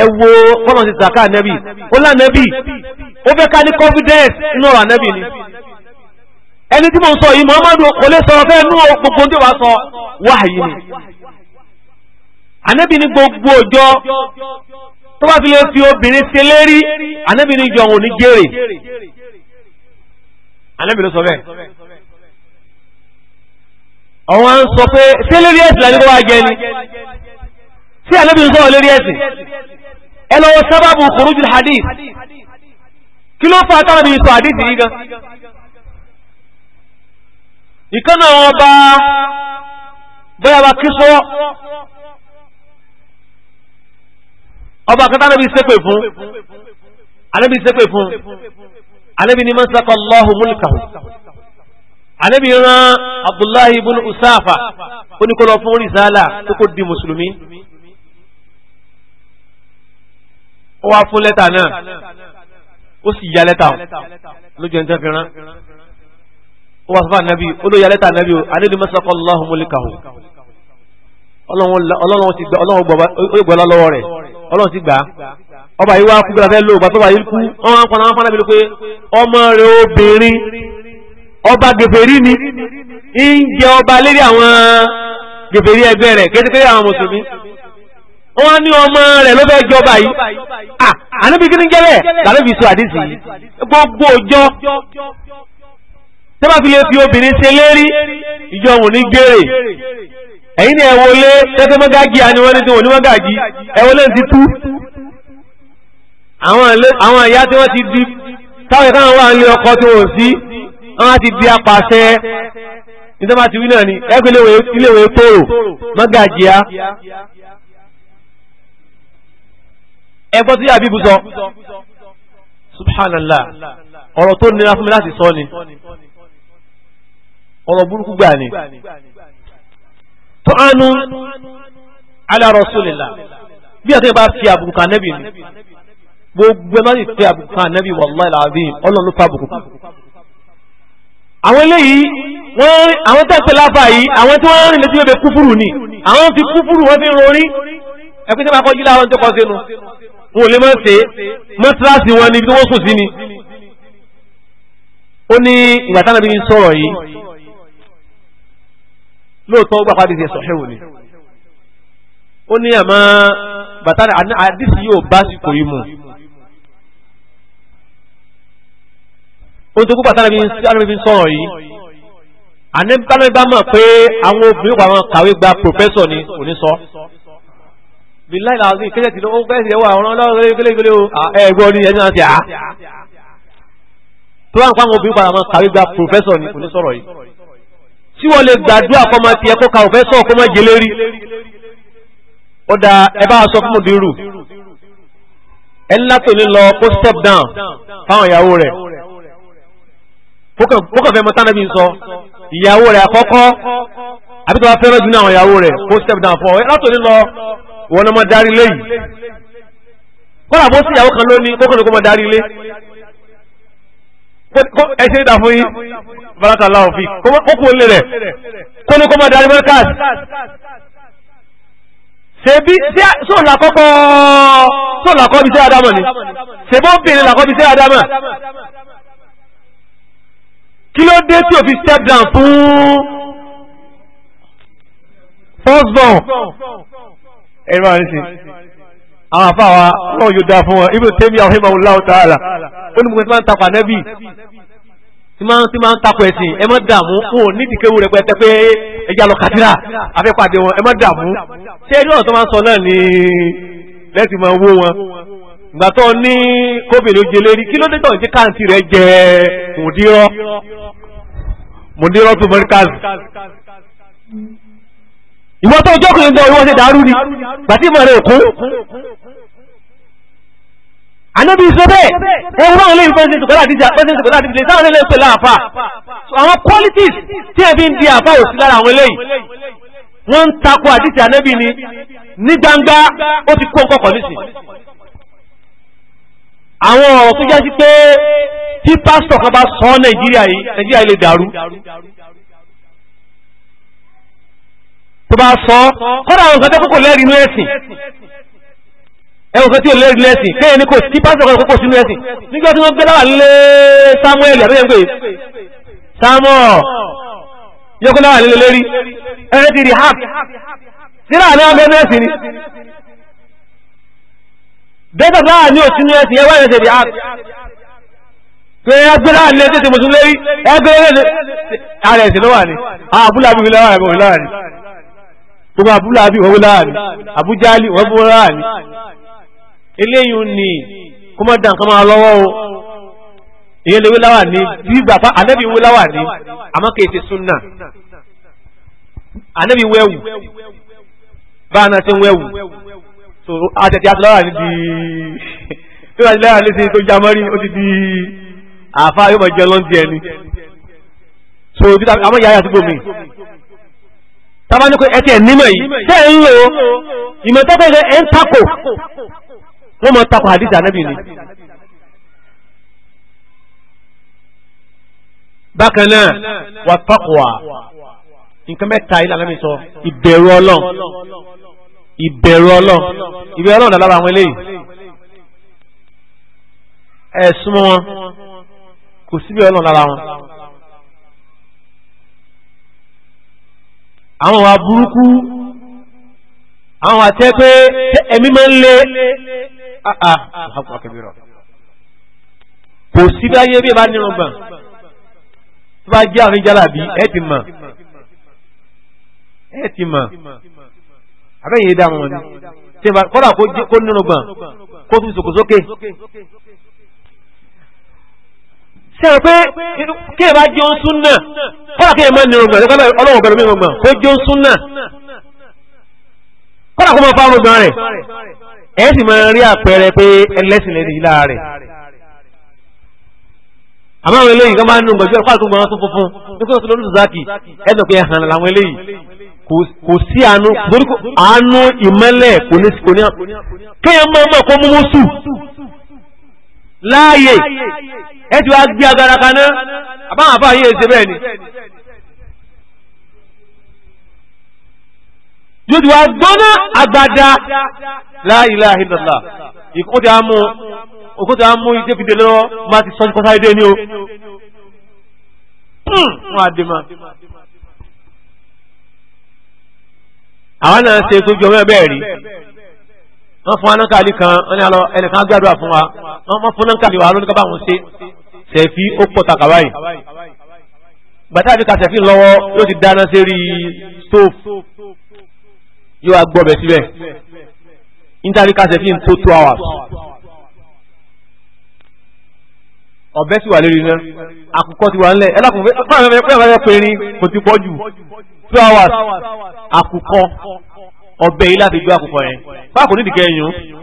ẹ wo fọ́nà ti tàkà ànẹ́bì ó lànẹ́bì ó ká ní confidence inú ọ̀rọ̀ ànẹ́bì ni ẹni tí mo ń sọ yìí Muhammadu kò lè sọ̀rọ̀ fẹ́ nú gbogbo tí wàá sọ wáyé ni ànẹ́bì ni gbogbo ọjọ́ tó bá fi lè fi obìnrin ṣe lérí ànẹ́bì ni jọ̀hún ní jèrè ànẹ́bì ló sọ bẹ́ẹ̀ àwọn à ń sọ pé ṣé lérí ẹ̀sìn làní kó wá jẹ ni ṣé ànẹ́bì ń sọ̀rọ̀ lérí ẹ̀sìn ẹ lọ́wọ́ sábàbù khurujul hadith kí ló fà táwọn ibi sọ hadith yìí gan ìkànnà wọn bá bóyá bá kí sọ ọba kan tánàbí sépè fún anábì sépè fún anábì ní man saka Allahu mulkahu anábì ran Abdullahi ibn Usafa oníkọlọ fún risala tó kò di mùsùlùmí ó wá fún lẹ́tà náà ó sì ya lẹ́tà lójú ẹni tẹ́ fi rán ó wá sọ́fà nàbí ó ya lẹ́tà nàbí o adédè mẹ́sàkọ́ lọ́hùn mọ́lẹ́kàwò ọlọ́run ti gbà ọlọ́run gbọ́ lọ́wọ́ rẹ̀ ọlọ́run ti gbà ọba yìí wá kú gbọ́dọ̀ lò ọba wà yìí kú ọmọ wọn wọn bíi pé ọmọ rẹ̀ ọba ni ọba lérí àwọn ẹgbẹ́ rẹ̀ kéde kéde àwọn mùsùlùmí. wọ́n ní ọmọ rẹ̀ ló fẹ́ jọba yìí ànábì kí ní jẹ́rẹ̀ lànàbì sọ àdìsí gbogbo ọjọ́ tẹ́bà fi lè fi obìnrin ṣe lérí ìjọ òun ní gbére ẹ̀yìn ni ẹ̀wọlé tẹ́tẹ́ mọ́gájì àni wọ́n ní tí wọ́n ní mọ́gájì ẹ̀wọlé ti tú àwọn ìyá tí wọ́n ti di táwọn ìkáwọn wà ń lé ọkọ tí wọ́n sí wọ́n ti di apàṣẹ nítorí wọ́n ti wí náà ni ẹgbẹ́ iléèwé tóòrò mọ́gájì á ẹgbọ́n tí àbíbù sọ subhanallah ọ̀rọ̀ tó nira fún mi láti sọ ni ọ̀rọ̀ burúkú gbà ni tó ánú ala rasulillah bí àti ìbá fi àbùkù kan nẹ́bì ni gbogbo ẹ̀ma sì fi àbùkù kan nẹ́bì wallahi alazim ọlọ́run ló fa àbùkù. àwọn eléyìí wọ́n àwọn tó ń pè láfa yìí àwọn tí wọ́n rìn létí bèbè kúfúrú ni àwọn fi kúfúrú wọ́n fi ń rorí ẹ̀kú tí wọ́n kọ́ yí láwọn tó kọ́ sínú wọn ò lè máa ṣe mọ́tíráàsì wọn ni ibi tó wọ́n sùn sí ni ó ní ìgbà táwọn ibi ń sọ̀rọ̀ yìí lóòótọ́ ó gbà pàdé ìṣẹ̀ sọ̀hẹ́wò ni ó ní àmọ́ bàtà àdìsí yóò bá sìkò yìí mu ó ní tó kó bàtà àdìsí sọ̀rọ̀ yìí àní bá mọ̀ pé àwọn obìnrin wà wọn kàwé gba pòfẹ́sọ̀ ni òní sọ bíláì làwọn kéjẹ tí ó bẹ́ẹ̀ sì ẹwà ọ̀ràn lọ́rọ̀ gbélégbélé o ẹ̀gbọ́n ni ẹni náà ti à. tó bá ń pa àwọn obìnrin padà mọ́ kàwé gba pòfẹ́sọ̀ ni kò ní sọ̀rọ̀ yìí. tí wọ́n lè gbàdúrà kọ́ máa ti ẹ̀kọ́ ka òfẹ́sọ̀ kó má jẹ lérí. ó da ẹ bá sọ fún mi dirú. ẹ ńlá tó ní lọ kó step down fáwọn ìyàwó rẹ̀. fókàn fẹ́ mọ tánàbí sọ ìyàwó rẹ̀ àkọ́kọ́ àbí tó bá fẹ́ràn jù ní àwọn ìyàwó rẹ̀ kó step down fún ọ wọn náà máa darí ilé yìí kọ́lá bó síyàwó kan lónìí kókò ló kó máa darí ilé ẹ ṣe dà fún yín barakallahu fi kókò lè rẹ̀ kó ní kó máa darí mọ́kàs ṣebí sóò làkọ́kọ́ sóò làkọ́ bí sẹ́ àdámọ̀ ni ṣebí obìnrin làkọ́ bí sẹ́ àdámọ̀ kí ló dé tí o fi step down fún first born ẹ̀rí máa ń sìn àwọn àfa wa wọn yóò dáa fún wọn ibi tó tẹ́lẹ̀ àwọn ìmọ̀ ọ̀la ọ̀tá àlà ó ní mo fẹ́ máa ń takò ànẹ́bì tí máa ń tí máa ń takò ẹ̀sìn ẹ má dààmú wọn ò ní ìdíkéwu rẹ pẹ́ẹ́tẹ́ pé ẹja lọ kàdírà afẹ́pàdé wọn ẹ má dààmú ṣé ẹni ọ̀rọ̀ máa ń sọ náà ni lẹ́sìn máa wó wọn ìgbà tó ní kóbìnrin ó jẹlé rí kí ló dé tó ń káàntì rẹ jẹ mùdírọ mùdírọ tó mọ́ríkàzì ìwọ́n tó jọ́kùnrin gan ìwọ́n ṣe dàrú ni gbàtí mọ̀ rẹ̀ kún anábì sọ bẹ́ẹ̀ ẹ̀rọ àwọn olóyìn pẹ́sẹ̀ ìtùkọ́lá àdíjà pẹ́sẹ̀ ìtùkọ́lá àdíjà sáwọn olóyìn pẹ̀lú àfà àwọn qualities tí ẹ fi ń di àfà òsì lára àwọn olóyìn wọ́n ń takò àdíjà anábì ni ní gbangba ó ti kó kọ́kọ́ nísìn àwọn ọ̀rọ̀ tó jásí pé tí pásítọ̀ kan bá sọ Nàìjíríà yìí Nàìjíríà yìí lè dàrú tó bá sọ kọ́dà àwọn nǹkan tó kò lẹ́rìí inú ẹ̀sìn ẹ̀wọ̀n kan tí ò lẹ́rìí inú ẹ̀sìn kéèyàn ní kò sí pásítọ̀ kan kókò sínú ẹ̀sìn nígbà tí wọ́n gbé láwà lé Samuel àbẹ́yẹn pé Samuel yọkọ́ láwà lé lórí ẹ̀rẹ́ ti rí hap síra àná ọgbẹ́ inú ẹ̀sìn ni dẹ́tà láwà ní òsínú ẹ̀sìn ẹwà ẹ̀sìn rí hap pé ẹgbẹ́ láwà ní ẹ̀sìn mùsùlùmí ẹgbẹ́ ẹ̀sìn lọ́wà ni àbúlà bíbí lọ́wà ni gbogbo abúlé àbí wọ́n wúlá àní àbújáàlì wọ́n wúlá àní eléyìí ni kó mọ́ dàn kan máa lọ́wọ́ o èyí lè wúláwà ní bí ìgbà pa ànábì wúláwà ní àmọ́ kì í ṣe súnà ànábì wẹ́wù bá a náà ṣe ń wẹ́wù so àtẹ̀tẹ̀ àtìlára ní di bí wàá lára ní ṣe tó já mọ́rí ó ti di àáfàá yóò mọ̀ jẹun lọ́ndì ẹni so àwọn yàrá àdúgbò mi tàbá ní pé ẹ ti ẹ̀ nímọ̀ yìí tẹ́ ẹ̀ ń lò ó ìmọ̀ tó fẹ́ ẹ̀ ń takò wọ́n mọ̀ takò hadith ànábì ni. bákan náà wà taqwa nǹkan mẹ́ta ilé ànábì sọ ìbẹ̀rù ọlọ́n ìbẹ̀rù ọlọ́n ìbẹ̀rù ọlọ́n dàlára àwọn eléyìí ẹ̀ súnmọ́ wọn kò síbi ọlọ́n lára wọn. àwọn wa burúkú àwọn wa tẹ́ pé ẹ̀mí máa ń lé ah, ah, kò sí bí ayé bí ẹ bá nínú gbà tó bá jẹ́ àwọn jálàbí ẹ ti mọ̀ ẹ ti mọ̀ abẹ́yẹ dá wọn ni kódà kó nínú gbà kó tún sòkòsókè ṣe pé kí ẹ bá jẹun súnà kọ́lá kí ẹ máa nírun gbọ̀n nípa ọlọ́wọ́ bẹ̀rù mímu gbọ̀n kó jẹun súnà kọ́lá kó máa fárun gbọ̀n rẹ̀ ẹ̀ sì máa rí àpẹẹrẹ pé ẹlẹ́sìn lẹ́sìn yìí láàárẹ̀ àmọ́ àwọn eléyìí kan máa ń nù gbọ̀n sí ọ̀pá àtúgbọ̀n wọn láàyè ẹ ti wá gbé agbára kan náà àbáwọn àbá yìí ṣe bẹ́ẹ̀ ni yóò ti wá gbọ́nà àgbàdá la ilaha illallah ìkó ti á mú òkú ti á mú iṣẹ́ fi dé lọ́wọ́ máa ti sọ́jú kọ́sáré dé ní o hmm, wọ́n á dé ma. àwọn náà ṣe tó jọ mẹ́rin bẹ́ẹ̀ rí wọ́n fún wa náà kàlí kan wọ́n ní alọ ẹnìkan gbàdúrà fún wa wọ́n fún náà kàlẹ́ wà lónìí ká báwọn ṣe sẹ̀fí ó pọ̀ tàkàwá yìí gbàtà àti ka sẹ̀fí lọ́wọ́ yóò ti dáná sérí stove yóò wá gbọ́bẹ̀ síbẹ̀ nítorí ka sẹ̀fí ń tó two hours ọ̀bẹ ti wà lórí iná àkùkọ ti wà ńlẹ̀ ẹ lákùn fẹ́ẹ́ pẹ́ẹ́rín kò ti pọ̀ jù two hours àkùkọ ọ̀bẹ yìí láti gbé àkùkọ yẹn báà kò nídìí kẹyìn o.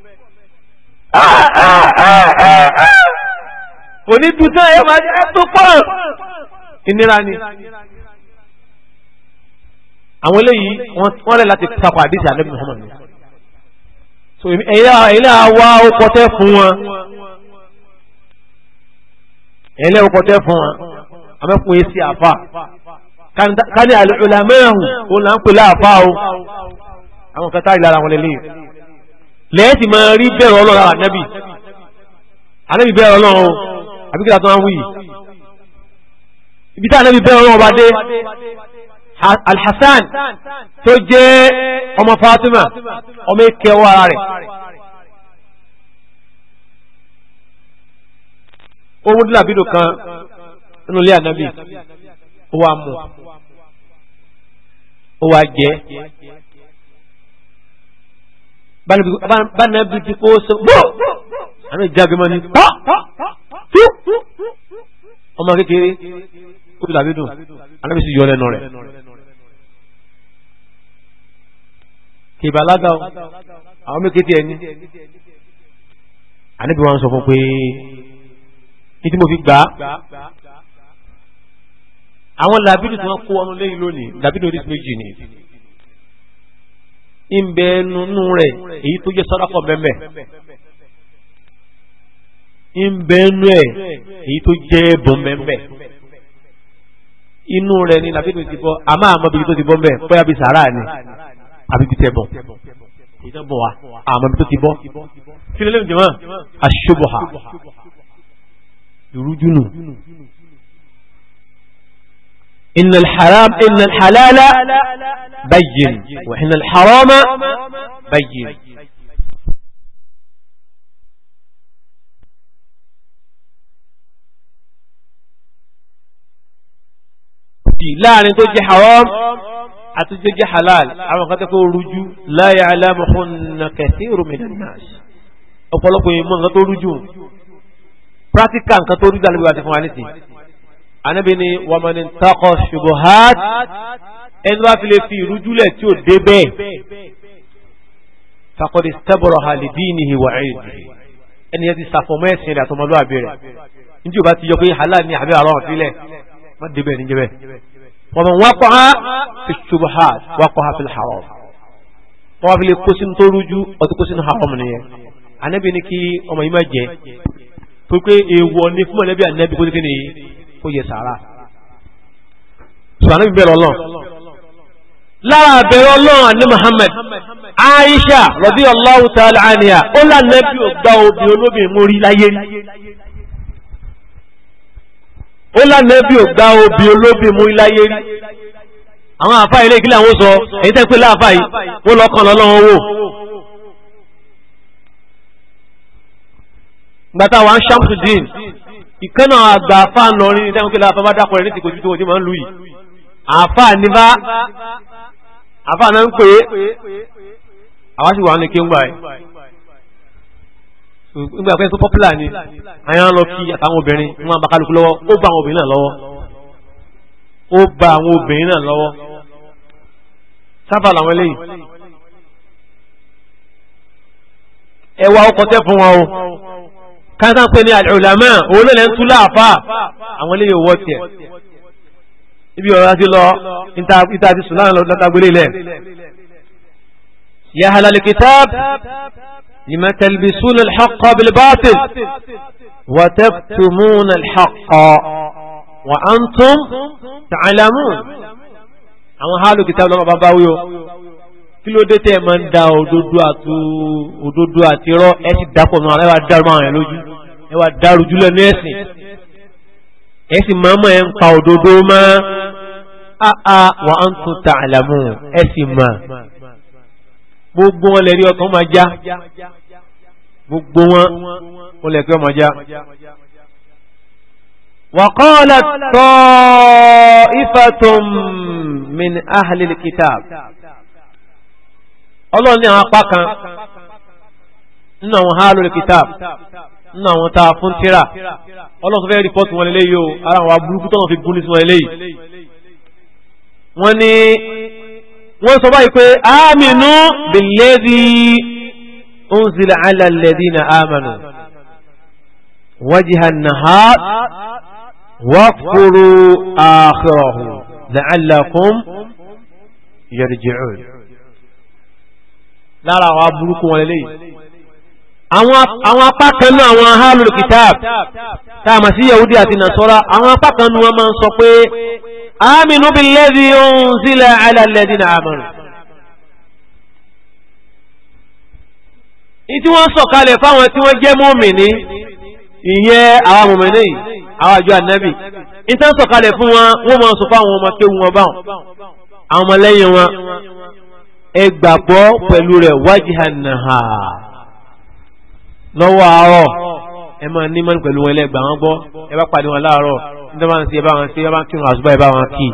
kò ní dùtẹ́ ẹ máa jẹ́ tó pọ̀ ìnira ni. àwọn eléyìí wọ́n lẹ̀ láti takò àdìsí ànábì Muhammad ni. so ẹ̀yà wa ó kọtẹ́ fún wọn ẹ̀yà ó kọtẹ́ fún wọn amẹ́kùn yìí sí àfa kání al-ulama òun là ń pè láàfáà o àwọn kan tá ìlara wọn lè léyìí lẹ́ẹ̀sì máa rí bẹ̀rù ọlọ́run ara nẹ́bì anẹ́bì bẹ̀rù ọlọ́run àbíkíra tó ń wí ibi tí anẹ́bì bẹ̀rù ọlọ́run ọba alhassan tó jẹ́ ọmọ fatima ọmọ ìkẹwọ́ ara rẹ̀ owó dìlàbídò kan nínú ilé ànábì ó wà mú ó wà jẹ́ bana bi ti ko so bo ana jage mani pa tu ọmọ kékeré ó ti làbí dùn anábì sì yọ lẹ́nu rẹ̀ kìbà alága o àwọn mékété ẹni anábì wọn sọ fún pé ní tí mo fi gbà á àwọn làbí dùn tí wọn kó ọnu lẹ́yìn lónìí làbí dùn oríṣi méjì ni. ń bẹ nínú rẹ̀ èyí tó jẹ́ sọ́dọ̀kọ̀ mẹ́mẹ́ ń bẹ nínú èyí tó inú rẹ̀ ni nàbí tó ti bọ bíi tó ti bọ mẹ́ bóyá bíi sàárà ni àbí bíi tẹ̀bọ̀n bọ bọ̀ wá àmọ́ ti bọ kí ló lè إن الحرام إن الحلال بين وإن الحرام بين لا نتوجه حرام أتوجه حلال أما قد تكون رجو لا يعلم حن كثير من الناس أقول لكم من قد تكون رجو براتيكان قد تكون رجو على anábì ni wàmọ̀ni takọ̀ ṣubuhat ẹni wá fi lè fi ìrújúlẹ̀ tí ó dé bẹ́ẹ̀ fakọ̀dé sẹ́bọ̀rọ̀ halidini ìwà ẹ̀dì ẹni yẹn ti sàfọ̀mọ́ ẹ̀sìn rẹ̀ àtọmọlú àbẹ̀rẹ̀ níjú bá ti yọ pé hàlá ní àbẹ̀ àrọ̀ ọ̀fílẹ̀ wọ́n dé bẹ́ẹ̀ níjẹ́ bẹ́ẹ̀ wọ́n wákọ̀ ha fi ṣubuhat wákọ̀ ha fi haram wọ́n fi lè kó sínú tó rújú ọtí kó sínú haram nìyẹn anábì ni kí ọmọ yìí má jẹ pé pé èèwọ̀ ni fún mọ̀lẹ́bí anábì kó kó yẹ sàárà sùwàní bẹ̀rẹ̀ ọlọ́run lára bẹ̀rẹ̀ ọlọ́run àní Muhammad Aisha radiyallahu ta'ala anha ó lànàbí ògbà obì olóbì mórí láyé ó lànàbí ògbà obì olóbì mórí láyé àwọn àfá ilé ìkílẹ̀ àwọn sọ èyí tẹ́ pé láàfá yìí wọ́n lọ́kàn lọ́lọ́wọ́ wò gbàtà wà ń Shamsuddin ìkànnà àgbà àfa ńlọrin ní dáhùn kí láfa bá dákọ̀ rẹ̀ ní ti kojú tó wọ́n ti máa ń lu yìí àfa ní bá àfa náà ń pè é àwa sì wà ní kéńgbà ẹ̀ nígbà pẹ́ tó pọ́pùlà ni àyàn lọ kí àtàwọn obìnrin wọn bá kálukú lọ́wọ́ ó bá àwọn obìnrin náà lọ́wọ́ ó bá àwọn obìnrin náà lọ́wọ́ sáfà làwọn eléyìí ẹwà ọkọ̀ tẹ́ fún wọn o kankan pé ní alùlámà òun náà lè ń tú láàfà àwọn eléyìí owó tiẹ̀ ibi ọ̀rọ̀ ti lọ níta ti sùn láàrín lọ́gbẹ́lẹ́ ilẹ̀ yà halal kitab lima talbisun alhaqqa bil batil wa taktumun alhaqqa wa antum ta'lamun àwọn hálù kitab lọ́mọ bá báwí o kí ló dé tẹ́ ẹ máa ń da òdodo àti òdodo ẹ sì dápọ̀ mọ́ àwọn ẹ̀rọ adáró àwọn ẹ̀ lójú ẹ wá dàrú jùlọ ní ẹ̀sìn ẹ sì máa mọ̀ ẹ ń pa òdodo mọ́ áá wa antum ta'lamun ẹ sì mọ̀ gbogbo wọn lè rí ọkàn máa já gbogbo wọn wọn lè pẹ́ máa já. وقالت طائفة من أهل الكتاب الله ni apá kan nínú nínú àwọn tá a fún tíra ọlọ́run fẹ́ rìpọ́tù wọn lélẹ́yìí o ara àwọn aburúkú tọ́nà fi gún ní sí wọn lélẹ́yìí wọ́n ní wọ́n sọ báyìí pé ámìnú bìlẹ́dì unzila ala alladhina amanu wajha an-nahar wakfuru akhirahu la'allakum yarji'un lára àwọn aburúkú wọn lélẹ́yìí àwọn apákanú àwọn ahlul kitab tá sí yahudi àti nasọ́ra àwọn apákanú wọn máa ń sọ pé aminu billadhi unzila ala alladhina amanu ìtí wọ́n sọ̀kalẹ̀ fáwọn tí wọ́n jẹ́ mọ́mìnì ìyẹn àwọn mọ̀mìnì àwọn àjọ ànábì ìtí wọ́n sọ̀kalẹ̀ fún wọn wọ́n máa sọ fáwọn ọmọ kéwù wọn báwọn àwọn ọmọlẹ́yìn wọn ẹgbàgbọ́ pẹ̀lú rẹ̀ wájìhánà hàn lọ́wọ́ àárọ̀ ẹ máa ní mọ́ni pẹ̀lú wọn ẹlẹ́gbàá wọn gbọ́ ẹ bá pàdé wọn láàárọ̀ níta bá ń ṣe ẹ bá wọn ṣe ẹ bá ń kírun àṣùbà ẹ bá wọn kí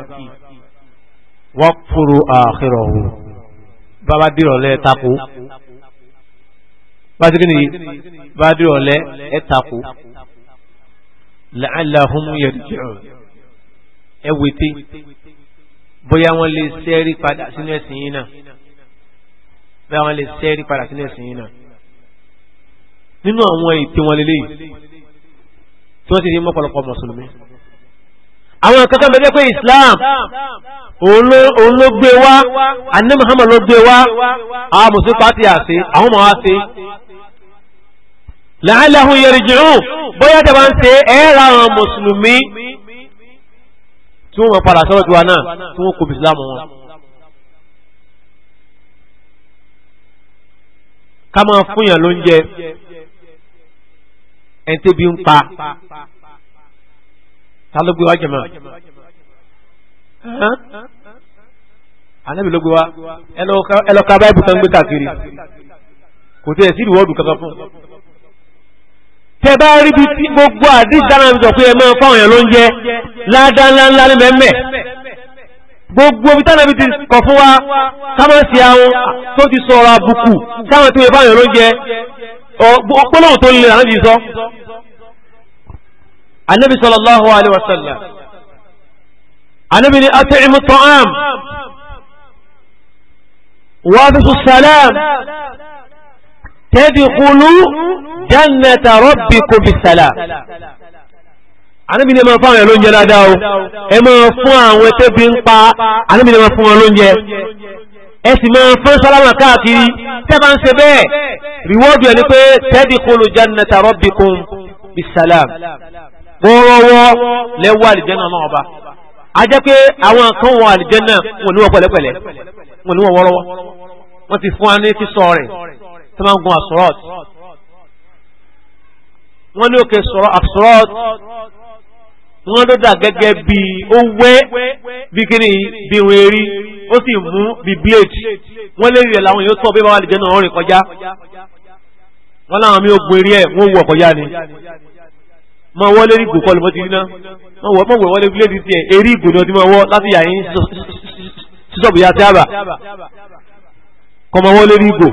wọ́n fòrò àkìrọ̀ hù bàbá dìrọ̀ lẹ́ tako bá kí nìyí bàbá dìrọ̀ lẹ́ ẹ tako la'allahum yarji'un bóyá wọ́n lè sẹ́rí padà sínú ẹ̀sìn yìí náà bóyá wọ́n lè sẹ́rí padà sínú ẹ̀sìn yìí náà nínú àwọn ètè wọn lélẹ́yìí tí wọ́n ti di mọ́pọ̀lọpọ̀ mùsùlùmí. àwọn kankan bẹ̀rẹ̀ pé Islam òun ló gbé wá àní Muhammad ló gbé wá àwọn mùsùlùmí pàtì àti àwọn ọmọ wa ṣe. la'allahum yarji'un bóyá tẹ̀ bá ń ṣe ẹ̀ ra àwọn mùsùlùmí tí wọ́n mọ̀ padà sọ́rọ̀ tiwa náà tí wọ́n kò bí Islam wọn. ká máa fún yàn lóúnjẹ ẹni tẹ́bi ń pa ta ló gbé wá jẹ̀mọ́ anabi ló gbé wá ẹ lọ ka báyìí tán gbé káàkiri kò tẹ̀ sí ìwọ́dù kankan fún tẹ bá rí bí tí gbogbo àdíjà náà sọ pé ẹ máa fáwọn èèyàn ló ń jẹ ládàá ńláńlá ní mẹ́mẹ́ gbogbo ibi tánàbí ti kọ̀ fún wa ká má ṣe àwọn tó ti sọ̀rọ̀ àbùkù sáwọn tó yẹ fáwọn èèyàn ló ń jẹ gbólóhùn tó lè ànábì sọ ànábì sallallahu alaihi wasallam ànábì ni at'imu ta'am wàbísù salam tadkhulu jannata rabbikum bisalam anábìnrin máa fún àwọn ẹlóúnjẹ dáadáa o ẹ máa fún àwọn ẹtẹ́bí ń pa anábìnrin máa fún wọn ẹ̀sìn máa fún sálámà káàkiri tẹ́bà ń ṣe bẹ́ẹ̀ reward ẹni pé tadkhulu jannata rabbikum bisalam wọ́ọ́rọ́wọ́ lẹ́wọ́ àlìjẹ́nà náà ọba a jẹ́ pé àwọn kan wọ àlìjẹ́nà wọn ni wọ́n pẹ̀lẹ́pẹ̀lẹ́ wọn ni wọ́n wọ́ọ́rọ́wọ́ wọ́n ti fún wa ní sísọ rẹ̀ tí wọ́n gun àsọ̀rọ̀t wọ́n ní òkè sọ̀rọ̀ àsọ̀rọ̀t wọ́n ló dà gẹ́gẹ́ bí ó wẹ́ bí kíní bí wọn erí ó sì mú bí blade wọ́n lè rí ẹ̀ làwọn yóò sọ bí báwa lè jẹ́ náà wọ́n rìn kọjá wọ́n láwọn mi ò gun eré ẹ̀ wọ́n wọ̀ kọjá ni mọ wọ́n lé rí ìgò kọlù mọ́ ti rí náà mọ wọ́n wọ̀ wọ́n lé blade tiẹ̀ eré ìgò ni wọ́n ti mọ wọ́ láti yà yín sísọ̀bù ya tábà kọmọ wọ́n lé rí ìgò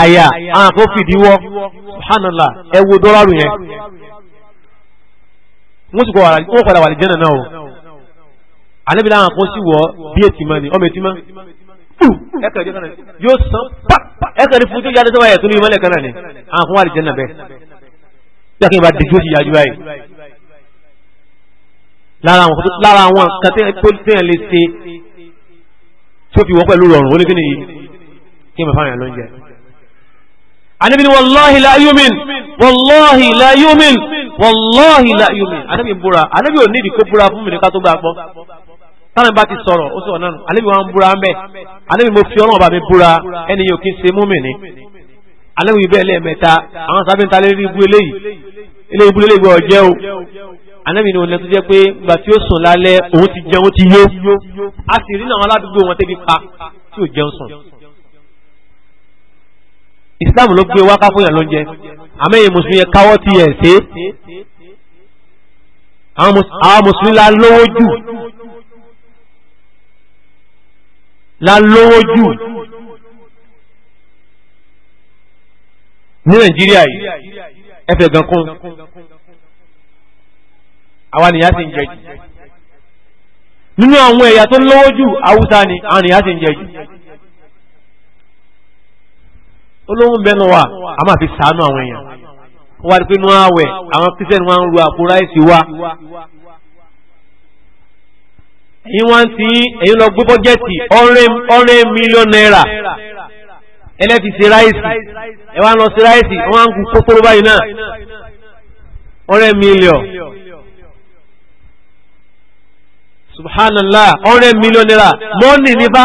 àyà àwọn àfọ́fìdíwọ́ subhanallah ẹ wo dọ́là yẹn wọ́n sì kọ́ padà wà lè jẹ́nà náà o àlẹ́bí láwọn kan sì wọ́ bí ètì máa ní ọmọ ètì máa yóò san ẹ̀kẹ́ ní fún tó yára tó wáyé tó ní ìmọ̀lẹ̀ kan náà ni àwọn kan wà lè jẹ́nà bẹ́ẹ̀ bí akéwà dèjú sí yájú báyìí lára àwọn kan tẹ́yàn lè ṣe tó fi wọ́n pẹ̀lú rọrùn ó ní kí ni kí n bá fáwọn àlọ́ ń jẹ. àníbi ni wàláhì láyúmin wàláhì láyúmin wallahi la yu'min ànábì ń búra ànábì ò nídìí kó búra fún mi nípa tó gbà pọ́ táwọn bá ti sọ̀rọ̀ ó sọ̀rọ̀ náà ànábì wọn ń búra ń bẹ̀ ànábì mo fi ọlọ́run bá mi búra ẹni yóò kí n ṣe múmi ni ànábì bẹ́ẹ̀ lẹ́ẹ̀mẹ́ta àwọn sábẹ́ ń ta lérí ibú eléyìí eléyìí ibú eléyìí gbọ́ jẹ́ o ànábì ni olè tó jẹ́ pé gbà tí ó sùn lálẹ́ a sì rí àwọn aládùúgbò wọn tẹ́bi pa tí ò jẹun sùn Islam ló gbé wákà fún yàn lóúnjẹ àmẹ́yìn mùsùlùmí yẹn káwọ́ ti yẹ̀ ṣe àwọn mùsùlùmí la lówó jù la lówó jù ní nàìjíríà yìí ẹfẹ̀ gan kún àwa nìyá sì ń jẹ jù nínú àwọn ẹ̀yà tó lówó jù haúsá ni àwọn nìyá sì ń jẹ jù olóhùn bẹnu wa a máa fi sàánú àwọn èèyàn wọ́n wá ní pé inú àwẹ̀ àwọn kristian wa ń ru àpò ráìsì wa ẹ̀yin wá ń tí ẹ̀yin lọ gbé bọ́jẹ́tì ọ̀rẹ́ mílíọ̀nù náírà ẹlẹ́fi ṣe ráìsì ẹ wá lọ ṣe ráìsì wọ́n á ń kú kókóró báyìí náà ọ̀rẹ́ mílíọ̀nù subhanallah ọ̀rẹ́ mílíọ̀nù náírà mọ́ọ̀nì ní bá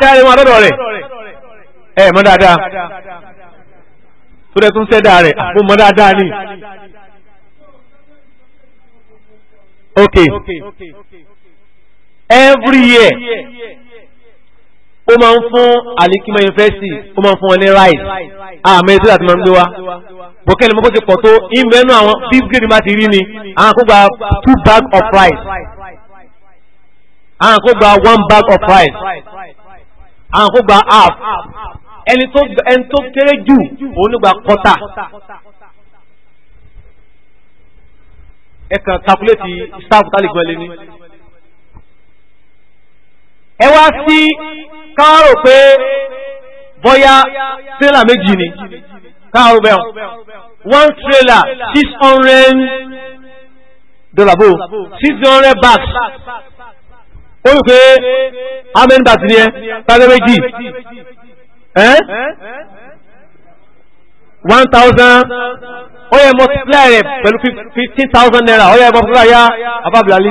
táyà wọn àdọ́dọ̀ rẹ̀ ẹ mọ dáadáa tó dẹ̀ tún sẹ́dá rẹ̀ àpò mọ dáadáa ni. ok every year ó máa ń fún alikima university ó máa ń fún wọn ní rice àmì ètò àti máa ń gbé wa bókẹ́lì mọ́kó ti pọ̀ tó ìmẹ́nu àwọn fifth grade máa ti rí ni àwọn kó gba two bag of rice àwọn kó gba one bag of rice àwọn kó gba half ẹni tó ẹni tó kéré jù òun ló gba kọ́tà ẹ kàn calculate staff tálígbọ́n lé ní. ẹ wá sí káàrò pé bọ́yá tírélà méjì ni káàrò bẹ́ẹ̀ one trailer six hundred dollar bó six hundred bags ó rí pé amen bàtí ni ẹ tàbí méjì ẹ́ one thousand ó yẹ multiply rẹ̀ pẹ̀lú fifteen thousand naira ó yẹ multiply ya ababilali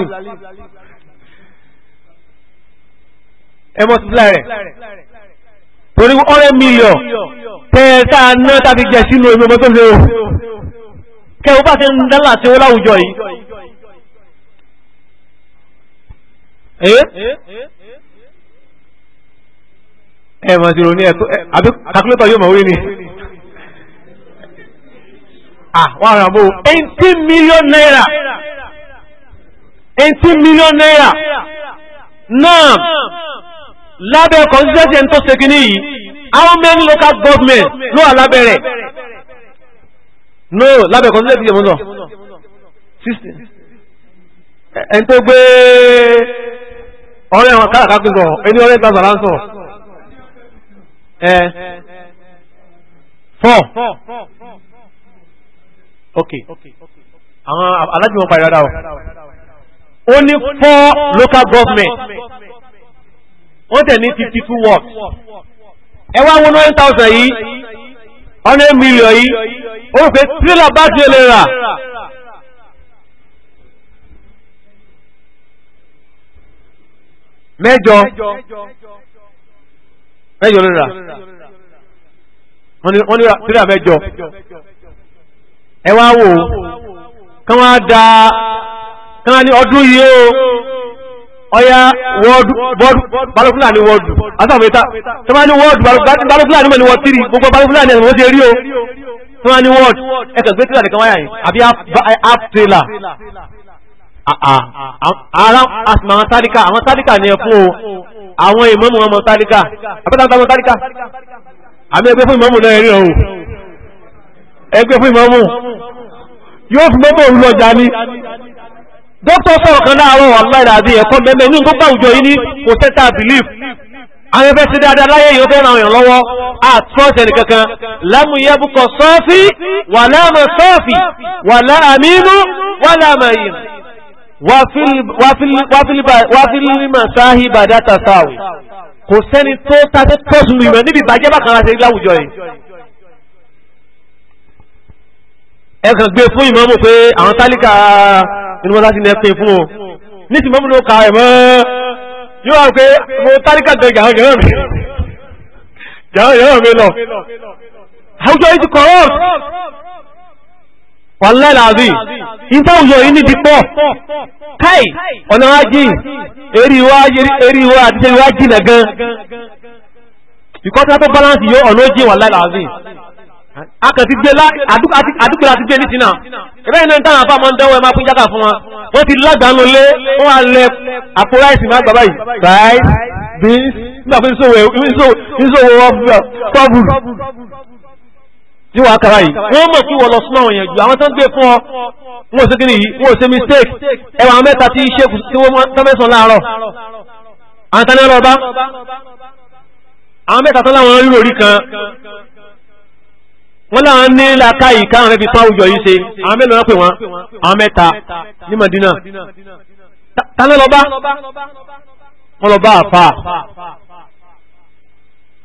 ẹ multiply rẹ̀ torí ọ̀rẹ́ mílíọ̀n tẹ́ẹ̀ta náà tàbí jẹ́ sínú omi ọmọ tó lé o kẹ́ ọ bá ti ń dálà tí ó láwùjọ yìí. ẹ mọ̀ sí ronú ẹ̀kọ́ àbí calculator yóò mọ̀ wí ni àwọn ah, ará bò eighteen million naira eighteen million naira náà lábẹ́ constituency ẹni tó ṣe kínní yìí how many local government ló wà lábẹ́ rẹ̀ no lábẹ́ constituency ẹ̀mọ́tọ̀ ẹni tó gbé ọ̀rẹ́ wọn káràká pín sọ ẹni ọ̀rẹ́ tàzà lá ń sọ ẹ fọ ok àwọn alájùmọ̀ wọn parí o ó ní four local government wọ́n tẹ̀ ní fifty two words ẹ wá wọ́n nine thousand yìí hundred million yìí ó rò pé thriller bá tiẹ̀ lè rà. mẹ́jọ mẹ́jọ ló rà wọ́n ní tíra mẹ́jọ ẹ wá wò ó kán wá da kán wá ní ọdún yìí ó ọya wọ́ọ̀dù balùfúlà ní wọ́ọ̀dù àtàwẹ̀ta tó bá ní wọ́ọ̀dù balùfúlà ní mẹ́ni wọ́n tírì gbogbo balùfúlà ní ẹ̀mọ́ ṣe rí o tó bá ní wọ́ọ̀dù ẹ̀kẹ̀ gbé tíra nìkan wáyà yìí àbí app trailer Ah, ah. ara asìmọ̀ àwọn tálíkà àwọn tálíkà ni ẹ fún o àwọn ìmọ̀mù ọmọ tálíkà abẹ́tàtà ọmọ tálíkà àmì ẹgbẹ́ fún ìmọ̀mù náà rí ọ̀hún ẹgbẹ́ fún ìmọ̀mù yóò fi mọ́mù òun lọ́jà ní dókítà sọ̀rọ̀ kan láàárọ̀ aláìláàbí ẹ̀kọ́ mẹ́mẹ́ ní gbogbo àwùjọ yìí ní kò sẹ́tà belief àwọn ẹgbẹ́ ti dáadáa láyé yóò fẹ́ ràn yàn lọ́wọ́ àtúrọ̀sẹ̀ nìkankan lámù yẹ́bùkọ̀ sọ́ọ̀fì wàlámà sọ́ọ̀fì wàlá àmínú wàlámà yìí wáfílímà sáhì bàdá tàṣàwì kò sẹ́ni tó tàṣẹ́ tọ́sùn ìmọ̀ níbi ìbàjẹ́ bákan láti láwùjọ yìí ẹ̀kàn gbé fún ìmọ̀mù pé àwọn tálíkà ìrìnmọ́sáti ní ẹ̀pẹ́ fún o ní ti mọ́mù ló ka ẹ̀mọ́ yóò wá pé mo tálíkà gan jàhán jàhán mi jàhán jàhán mi lọ àwùjọ yìí ti corrupt wàlẹ́làbí ìtàwùjọ yìí nídi pọ̀ káì ọ̀nà wájì eriwá àti eriwá jìnà gan ìkọ́ta tó bálánsì yóò ọ̀nà ojì wàlẹ́làbí akàtí gbé àdúgbò àti gbé nítìnà ẹgbẹ́ iná ìtàn àfà mọ́ ń dánwò ẹmà pín jákà fún wa wọ́n ti lágbàánu lé wọ́n wà lẹ àpò ráìsì má gbàbáyì ráìsì bí nígbà fún ìṣòwò ìṣòwò ọ̀fù tí wàá kàrá yìí wọ́n mọ̀ kí wọ́n lọ súnmọ́ òyìn jù àwọn tó ń gbé fún ọ wọ́n ò sí kí nìyí wọ́n ò sí mistake ẹwà àwọn mẹ́ta tí ṣe kù tí wọ́n tọ́mẹ́sàn láàárọ̀ àwọn tani ọlọ́ba àwọn mẹ́ta tó láwọn rírò rí kan wọ́n láwọn ní làákà yìí káwọn rẹ̀ fi tán àwùjọ yìí ṣe àwọn mẹ́lẹ̀ wọ́n pè wọ́n àwọn mẹ́ta ní Madina tani ọlọ́ba wọ́n lọ bá àfà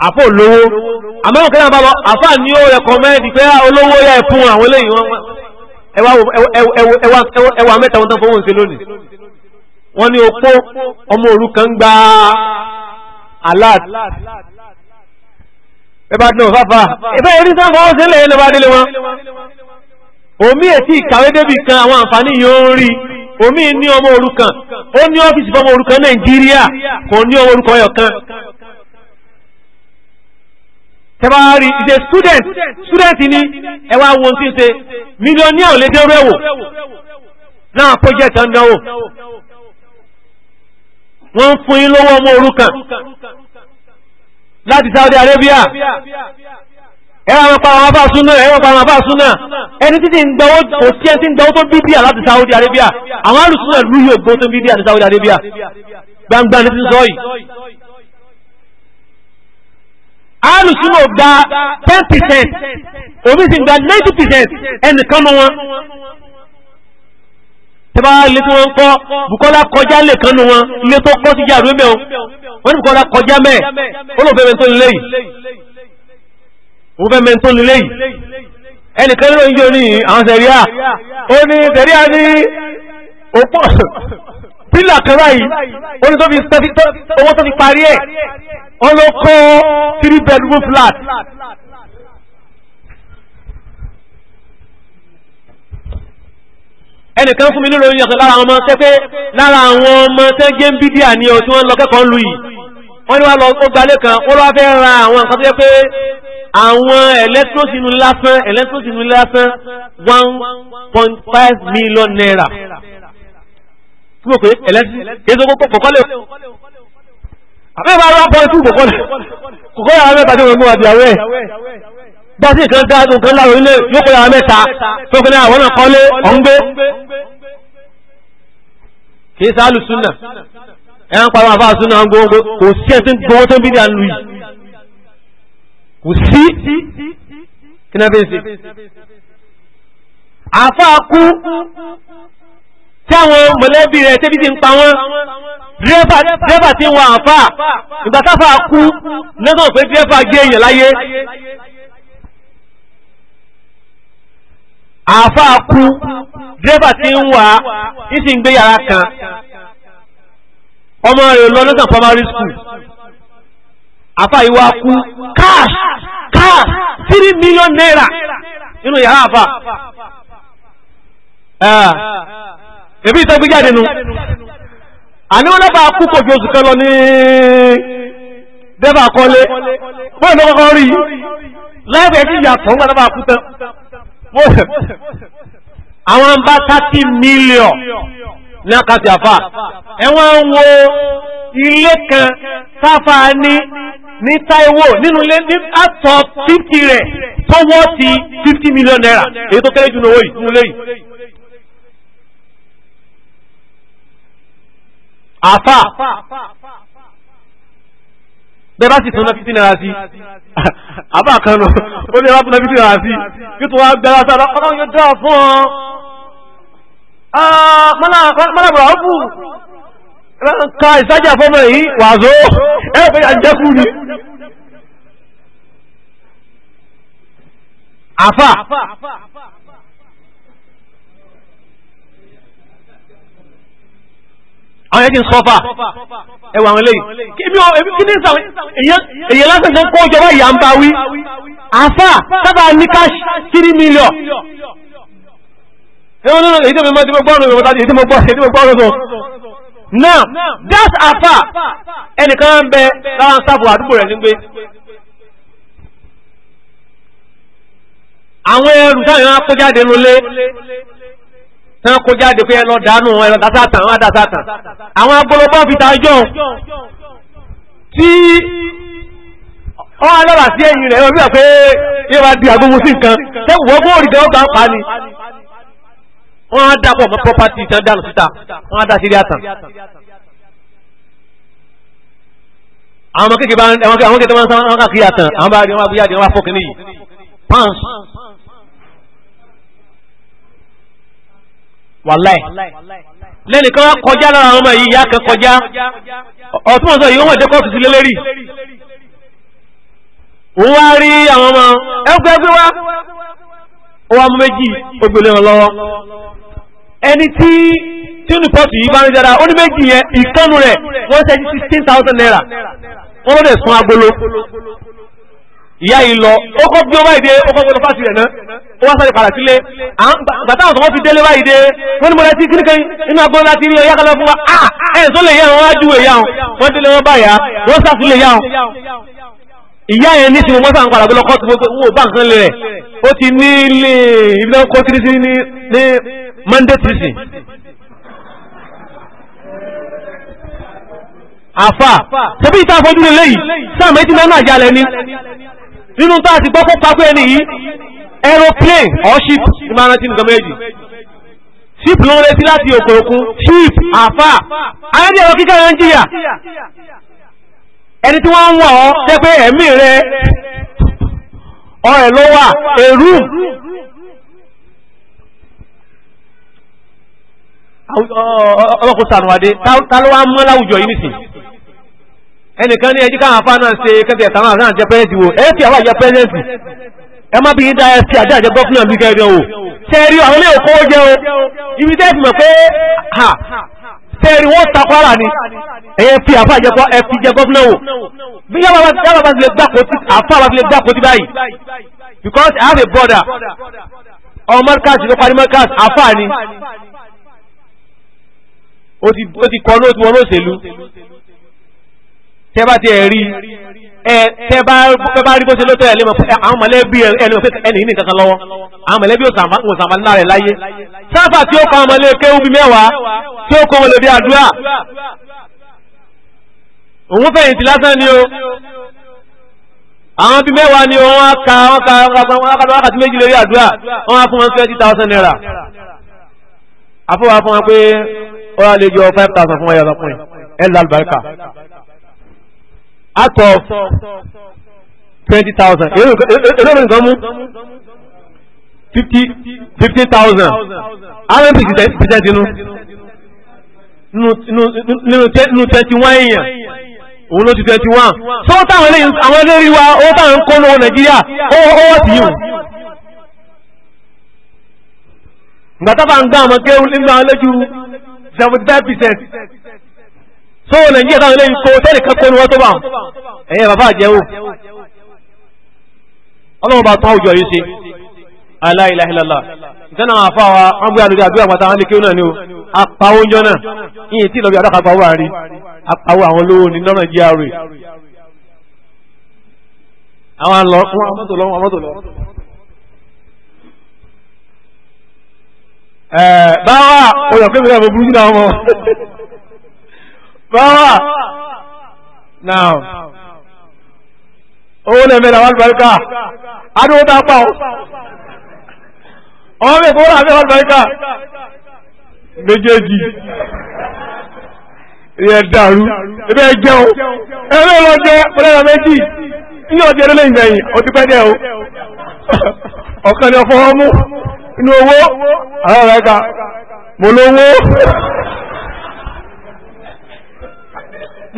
àpò olówó àmọ́ òkè náà bá lọ àfà ní ó rẹ̀kọ́mẹ́ndì pé ah, olówó yá ẹ̀ fún àwọn eléyìí wọn ẹwà mẹ́ta wọn tán fowó ń ṣe lónìí wọ́n ní opó ọmọ òrukàn ń gba alad ẹbá dùn fáfá ẹbẹ́ erí sáfà ó sílẹ̀ ẹlẹ́bà délé wọn omi ètí ìkàwé débì kan àwọn àǹfààní yóò rí omi ní ọmọ òrukàn ó ní ọ́fíìsì fọmọ òrukàn Nàìjíríà kò ní ọmọ òrukàn ọ̀yọ̀ kan tẹ́bàárì is a student student ni ẹ wá wo tí ń ṣe mílíọ̀nì ò lè dé rẹ́wò náà project ọ̀dánwò wọ́n ń fún yín lówó ọmọ òrukàn láti Saudi Arabia ẹwà wọn pa àwọn abá súnà ẹwà pa àwọn abá súnà ẹni títí ń gbọ́wọ́ kò sí ẹni tí ń gbọ́wọ́ tó ń bíbíà láti Saudi Arabia àwọn alùsùnà lùyò gbó tó ń bíbíà ní Saudi Arabia gbangba ní ti sọ yìí alùsùnà gba ten percent omi sì gba ninety percent ẹnìkan mọ wọn tẹ́bá ilé tí wọ́n ń kọ́ Bukola kọjá lè kan nu wọn ilé tó kọ́ sí yàrá mẹ́wọ́n wọ́n ní Bukola kọjá mẹ́ẹ̀ ó lò fẹ́mẹ́ tó yìí òun fẹ́mẹ́ tó yìí ẹnìkan ló ń yọ ní àwọn sẹ̀ríà ó ní sẹ̀ríà ní òpó pílà kan báyìí ó ní tó fi parí ẹ̀ wọ́n ló kọ́ three bedroom flat. ẹnìkan fún mi nílò oyin ọ̀sán lára àwọn ọmọ tẹ́ pé lára àwọn ọmọ tẹ́ gé ń bídí àní ọ tí wọ́n lọ kẹ́kọ̀ọ́ lu yìí wọ́n ní wá lọ ó gbalẹ̀ kan ó lọ́wọ́ fẹ́ ra àwọn nǹkan tó yẹ pé àwọn ẹ̀lẹ́tírósìnú lásán ẹ̀lẹ́tírósìnú lásán one point five million naira. kí ló pé ẹ̀lẹ́tírósìnú kọ́kọ́ lè àbẹ́bà rán pọ̀ tún kòkọ́ kòkọ́ yàrá mẹ́ta tí wọ́n mú àdìyàwó ẹ̀ bá sí ìkan dá nǹkan láwọn ilé yóò kó yàrá mẹ́ta tó fi ní àwọn náà kọ́ lé ọ̀ǹgbé kì í sáà lù súnà ẹ̀ ń pa àwọn àfáà súnà gbogbo kò sí ẹ̀ tí ń gbowó tó ń bí ní tí àwọn mọ̀lẹ́bí rẹ̀ tẹ́bí ti ń pa wọ́n dírẹ́fà tí wọ́n àfà ìgbàtàfà kú lẹ́gbọ̀n pé dírẹ́fà gé èèyàn láyé àfà kú tí ń wà ìsìn gbé yàrá kan ọmọ rẹ̀ lọ lọ́sàn primary school àfà ìwà kú cash cash three naira nínú yàrá àfà. Ah. èbí ìtọ́gbé jáde nu àníwọ́n lọ́ba kú kò ju oṣù kan lọ ní dẹ́bà kọ́lé bóyá ló kọ́kọ́ rí láìpẹ́ ẹ̀jẹ̀ ìyàtọ̀ ńgbà lọ́ba kú tán àwọn bá thirty million ní àkàtì àfà ẹ̀wọ̀n ń wo ilé kan sáfà ní ní Táíwò nínú ilé ní àtọ̀ fifty rẹ̀ tó wọ́ sí fifty million naira èyí tó kéré jù lówó yìí nínú ilé yìí. àfà bẹ́ẹ̀ bá sì tún náà fífi náírà sí àbá kan nù ó ní ẹ̀rọ tún náà fífi náírà sí kí tó wá gbẹ́ra sára ọlọ́run yóò dá fún ọ ah, mọ́nàbọ̀rọ̀ ọ̀bù ka ìsájà fọ́mọ̀ yìí wàzó ẹ̀ fẹ́ àjẹkù ni. àfà àwọn yẹn ti ń sọ́fà ẹwà àwọn eléyìí kí ní sàwọn èyí lásán kan kó ìjọba ìyá ń bá wí àfà sábà ní káṣí tírí mílíọ̀n ẹwọ́n náà èyí tó mi máa ti mọ́ gbọ́ọ̀rọ̀ ìwọ̀n tàbí èyí tó mọ́ gbọ́ọ̀rọ̀ sọ náà that àfà ẹnìkan ń bẹ lára ń sáfù àdúgbò rẹ̀ nígbé àwọn ẹrù táwọn akójáde nulẹ̀ tán kó jáde pé ẹlọ dànù ẹlọ dásátàn wọn dásátàn àwọn agbọlọgbọ fi tajọ tí wọn lọ́wà sí ẹ̀yìn rẹ̀ wọ́n bí wà pé yóò wá di agbóhun sí nǹkan tẹ́wọ̀n gbóòrì jẹ́ ọgbà ń pa ni wọ́n á dàpọ̀ mọ́ property tán dànù síta wọ́n á dá sílé àtàn àwọn ọmọ kékeré bá ń ẹwọn kékeré tó máa ń sáwọn káàkiri àtàn àwọn bá rí wọn bá bóyá di wọn bá fọkàn níyì pants wàláì lẹ́nìkan wá kọjá lára àwọn ọmọ ìyá kan kọjá ọ̀tún mọ̀ sọ yìí kọ́ọ̀tù sí wá rí àwọn ọmọ ẹgbẹ́ ẹgbẹ́ wá ó wá mú méjì ó wọn lọ́wọ́ ẹni tí tí olùpọ̀tù yìí bá ń dára ó ní méjì yẹn naira wọ́n lọ́dẹ̀ agolo ìyá yìí lọ ó kọ́ bí ó báyìí dé ó kọ́ gbọ́dọ̀ fásitì rẹ̀ náà ó wá sáré padà sílé bàtà àwọn tó fi délé báyìí dé wọ́n ní mo rẹ̀ sí kíníkan inú agbóhùn láti rí ọ̀yá kalẹ̀ fún wa ah ẹ̀ tó lè yá wọn wá júwèé yá wọn wọ́n délé wọn báyà wọ́n sàtún lè yá wọn. ìyá yẹn ní sinimọ́ sàn padà gbọ́dọ̀ kọ́ tó wò bá nǹkan lè rẹ̀ ó ti ní ilé ibi náà kọ́ kirisi ní Monday prison. àfà tẹ̀bí ìta àfọ́jú lè nínú tó àti gbọ́ kó pàgbé ẹni yìí aeroplane or ship ní máa rántí nǹkan méjì ship ló ń retí láti òkè òkun ship àfà ayédè ẹ̀rọ kíkà nàìjíríà ẹni tí wọ́n ń wọ̀ ọ́ jẹ́ pé ẹ̀mí rẹ ọ̀rẹ́ ló wà èrú ọlọ́kùnrin sànùwádé ta ló wá mọ́ láwùjọ yìí nìsín ẹnìkan ní ẹjí káwọn afá náà ṣe kẹ́kẹ́ ẹ̀ka máa náà jẹ́ pẹ́rẹ́ǹtì wo ẹ fi àwọn àjẹ pẹ́rẹ́ǹtì ẹ má bí dá ẹsẹ̀ àjẹ́ àjẹ́ gọ́fúnà bí kẹ́ẹ̀dẹ̀ o tẹ́ẹ̀rí àwọn ilé òkú ó jẹ́ o ibi tẹ́ẹ̀ fi pé ha tẹ́ẹ̀rí wọ́n takwara ni ẹ fi àfá àjẹpọ̀ ẹ fi jẹ gọ́fúnà o bí yàrá bá ti lè gbàkó ti báyìí because I have a brother ọmọ mọ́rkàsì ló parí mọ́rkàsì àfá ni ó ti kọ́ lóòtú wọn lóṣèlú tẹ́ bá ti ẹ̀ rí ẹ tẹ́ bá rí bó ṣe lótọ́ ẹ̀ lé mọ̀ pé àwọn mọ̀lẹ́bí ẹni pé ẹni ní kankan lọ́wọ́ àwọn mọ̀lẹ́bí ò sàmà ńlá rẹ̀ láyé sáfà tí ó kọ́ ọmọ ilé kéwú mẹ́wàá tí ó kọ́ ọmọ lòdì àdúrà òun fẹ̀yìntì lásán ni o àwọn bíi mẹ́wàá ni wọ́n ka wọ́n ka wákàtí méjì lórí àdúrà wọ́n á fún wọn twenty thousand naira àfọwọ́ fún wọn pé ó yà lè jọ five thousand fún wọn yàtọ̀ fún ẹ ẹ lálùbáríkà out of twenty thousand èló ló nǹkan mú fifty fifty thousand àwọn percent percent inú nínú twenty one èèyàn òun ló ti twenty one so táwọn eléyìí àwọn eléyìí wa owó táwọn ń kó lówó nàìjíríà owó owó ti yùn gbàtà bá ń gbà àwọn kéwù nínú àwọn lójú seventy five percent so tó nàìjíríà táwọn ilé ń kó tẹ́lẹ̀ kan kó ní wọ́n tó bá ẹ̀yẹ bàbá àjẹwò ọlọ́run bá tán òjò yìí ṣe la ilaha illallah ìtẹ́nà àfa wa wọ́n gbé àdúrà àdúrà pátá wọn lè a náà ni o apawó oúnjẹ náà yìí tí lọ́bí adáka apawó àárín apawó àwọn olówó ní lọ́nà gra àwọn àlọ́ wọn mọ́tò lọ́wọ́ mọ́tò lọ́wọ́. Eh, báwa oyọ̀ pé mi náà mo burú jù náà mọ́ bawa now owó lẹ́mẹ̀ làwọn àlùbáríkà adúgbò tá a pa ọ́ ọmọ mi kò wọ́n àbẹ́ àlùbáríkà méjèèjì ìyẹn dàrú ebe ẹ jẹun ẹ lọ́ọ́ lọ jẹ pẹlẹ́ra méjì ní ọjọ́ eré lẹ́yìn lẹ́yìn ó ti pẹ́ o ọ̀kan ni ọ̀fọ́ ọmú inú owó àwọn ọ̀rẹ́ ka mo lówó.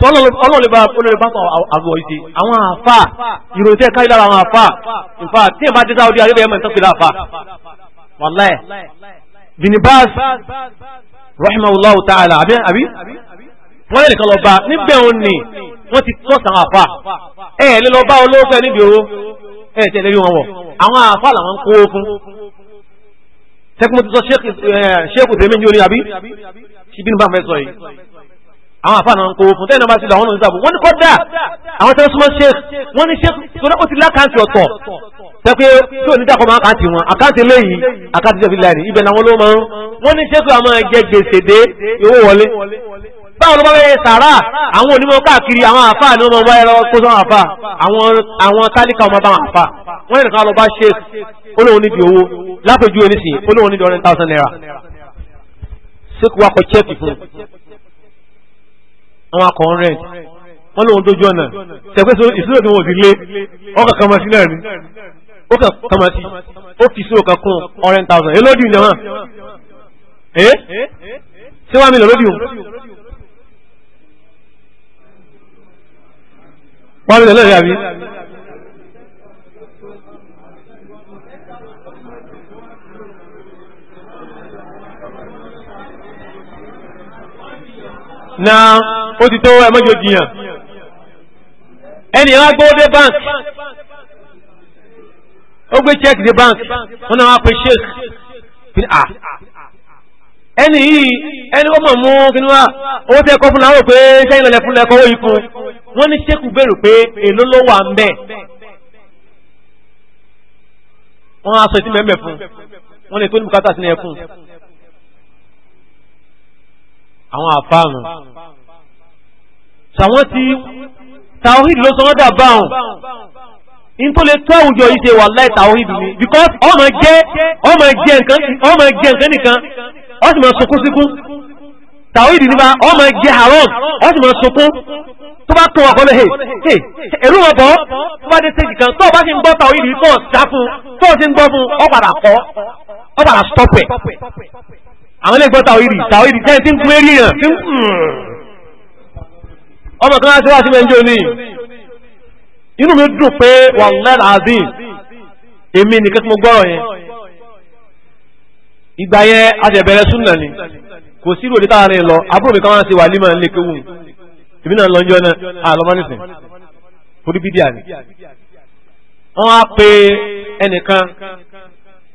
tọ́lọ́lọ́lọ́lọ́lọ́lọ́lọ́ olóòlùbá àgbọ̀ ìṣe àwọn àfà ìròyìn tẹ́ káyí lára àwọn àfà ìfà tí èèmà dé sáwọ́dí arábíà ẹ̀mọ̀ ìtọ́kìlá àfà wàláhì binibas rahimahullahu ta'ala àbí wọ́n lè kọ́ lọ bá níbẹ̀ òun ni wọ́n ti tọ́ sàn àfà ẹ̀ lè lọ bá olóòfẹ́ níbi owó ẹ̀ tẹ̀lé rí wọn wọ̀ àwọn àfà làwọn kó eh, o fún tẹ́kùn tó sọ ṣéèkù tèmi ní orí àbí ṣíbínú bá fẹ́ sọ yìí àwọn àfáànà ń kówó fún tẹ́lẹ̀ bá ti lọ àwọn ọ̀nà ìsàbò wọ́n ní kọ́dà àwọn tẹ́lẹ̀ súnmọ́ sheikh wọ́n ní sheikh tó náà ó ti lákàntì ọ̀tọ̀ tẹ́pẹ́ tí ò ní dàkọ̀ máa kàntì wọn àkántì lẹ́yìn àkántì jẹ́bi láàrin ibẹ̀ làwọn ló máa ń wọ́n ní sheikh àmọ́ ẹ̀jẹ̀ gbèsè dé owó wọlé báwo ló bá bẹ́ẹ̀ sàrà àwọn onímọ̀ káàkiri àwọn àfáà ni wọ́n máa ń báyẹ̀ lọ́wọ́ kó sọ́wọ́n àfáà àwọn tálíkà ọmọ báwọn àfáà wọ́n ní nìkan lọ bá sheikh olóhùn níbi owó lápèjú oníṣìí olóhùn níbi one thousand naira sheikh wakọ̀ chẹ́ẹ̀kì fún un àwọn akọ̀ ń rẹ̀ wọ́n lóun dójú ọ̀nà tẹ̀gbẹ́sọ ìṣúlẹ̀ tí wọ́n ti lé ọkọ̀ kan máa sí náà ni ó kàn kan máa sí ó fi sí òkà kún ọ̀rẹ́ thousand èyí lódì ìjọba ẹ̀ ṣé wàá mi lọ lódì o wàá mi lọ lódì àbí. Now, ó ti tó ẹmọ́jọ jiyàn ẹnì yẹn wá gbówó dé bank ó gbé check dé bank wọn náà wá pe sheik bí a ah. ẹnì yìí ẹni wọ́n mọ̀ mú kí ni wá owó tẹ́ kọ́ fún láwọn pé sẹ́yìn lọ́lẹ̀ fún lẹ́kọ́ owó yìí fún wọ́n ní sheik bèrè pé èló ló wà ń bẹ̀ wọ́n á sọ ìdí mẹ́mẹ́ fún wọ́n lè tó ní bùkátà sí ẹkùn àwọn àfáàmù sàwọn ti tawhid ló sọ wọ́n dà báwọn in tó lè tó àwùjọ yìí ṣe wallahi tawhid ni because ọmọ jẹ́ ọmọ jẹ́ nǹkan nìkan ó sì máa sọkún síkún tawhid nípa ọmọ jẹ́ haram ó sì máa sọkún tó bá tó ọkọ̀ lẹ́hẹ̀ ẹ̀rú wọn bọ́ tó bá dé stage kan tó bá ti ń gbọ́ tawhid tó ṣá fún tó ti ń gbọ́ fún ọ padà kọ́ ọ padà stop ẹ̀ àwọn ilé gbọ́ tawhid tawhid tẹ́ ti ń gún eré yàn ọmọ kan láti wá sí mẹ́jọ ní inú mi dùn pé wàhálà azim èmi nìkan tí mo gbọ́rọ̀ yẹn ìgbà yẹn a ti bẹ̀rẹ̀ súnà ni kò sí ìròdí táwọn ẹni lọ àbúrò mi kan wá wà límọ̀ nílé kéwù èmi náà lọ́njọ́ náà àlọ́mọ́ nísìn torí bídíà ni wọ́n á pe ẹnìkan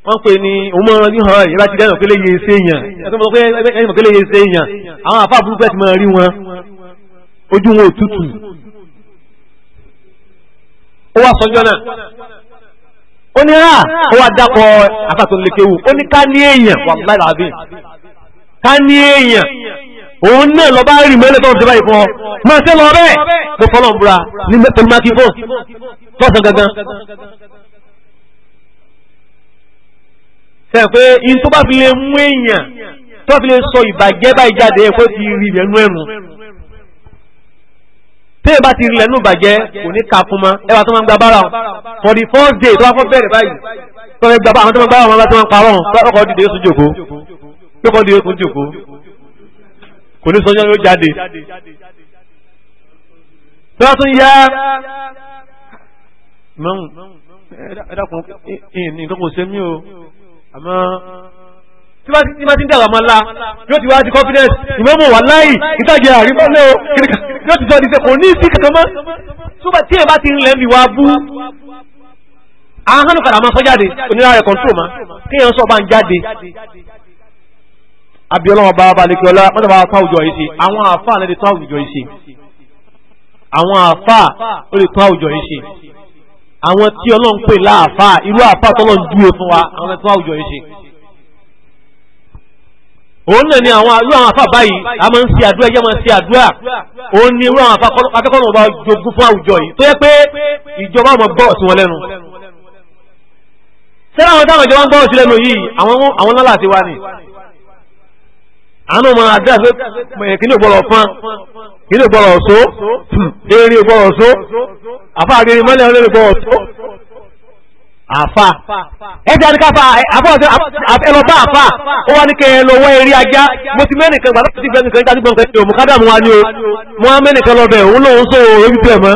wọ́n pè ní òun mọ́ ní hàn yìí láti dẹ́nà pé lè yẹ ṣe èèyàn ẹ̀sìn mọ́ pé lè yẹ ṣe èèyàn àwọn àfáà burúkú ẹ̀ ti máa rí wọn ojú wọn ò tútù ó wá sọjọ́ náà ó ní rà ah! ó wá dápọ̀ àfàtún lékewu ó ní ká ní èèyàn wà láìla àbí ká ní èèyàn òun náà lọ bá rìn mọ́lẹ̀ tó ń ṣe báyìí fún ọ máa ṣe lọ bẹ́ẹ̀ mo fọlọ́ ń bura ní tòlùmákì fún tọ́sán gangan. sẹ́yìn pé in tó bá fi lè mú èèyàn tó bá fi lè sọ ìbàjẹ́ báyìí jáde ẹ̀ ti rí ìrẹ́nu ẹ̀rùn tẹ́yẹ̀ bá ti rilẹ̀ nù bàjẹ́ kò ní ka fún ma ẹwà tó máa ń gba bára wọn for the first day tó wá fọ́ bẹ̀rẹ̀ báyìí tó fẹ́ gba bára wọn tó máa ń bára wọn tó máa ń parọ́ wọn lọ́kọ̀ dìde oṣù jòkó lọ́kọ̀ dìde oṣù jòkó kò ní sọ́jọ́ yóò jáde tó wá tún yá mọ́n ẹ̀dàkùn nǹkan kò ṣe mí o àmọ́ tí bá ti ń dàgbà máa la yóò ti wá di confidence ìmọ̀mọ̀ wà láì ìtajà àrímọ́lẹ̀ o kìrìkà yóò ti sọ ní sẹ́kọ̀ọ́ ní ìsí kankan mọ́ tó bá tí ẹ bá ti ń lẹ́mí wa bú ahánú padà máa sọ jáde onírà rẹ̀ control ma kéèyàn sọ bá ń jáde abiola ọba abalẹ̀kẹ́ ọlá mọ́tò bá tó àwùjọ yìí ṣe àwọn àáfàá lè tó àwùjọ yìí ṣe àwọn àáfàá ó lè tó àwùjọ yìí ṣe àwọn tí ọlọ́run pè láàfáà irú àáfàá tọ́lọ́run dúró fún wa àwọn lè tó àwùjọ yìí òun náà ni àwọn irú àwọn afá báyìí a máa ń ṣe àdúrà ẹjẹ́ máa ń ṣe àdúrà òun ni irú àwọn afá akẹ́kọ̀ọ́ ọba jogún fún àwùjọ yìí tó yẹ pé ìjọba àwọn gbọ́rọ̀ sí wọn lẹ́nu sẹ́rẹ̀ àwọn táwọn ìjọba ń gbọ́rọ̀ sí lẹ́nu yìí àwọn náà láti wá ni àánú máa àdúrà pé kí ni ògbọ́rọ̀ fún kí ni ògbọ́rọ̀ ọ̀ṣọ́ hmm. eré ògbọ́rọ̀ ọ̀ṣọ́ àfáà Afa. ẹ̀jẹ̀ àti káfà àbọ̀dé afọ àfà ó wá ní kẹ eré ajá mo ti kan gbàdúrà sí ìfẹ́sìn kan ní tàbí gbọ̀ngàn wa o mo kan lọ́bẹ̀ òun lòun sọ orí bẹ̀ mọ́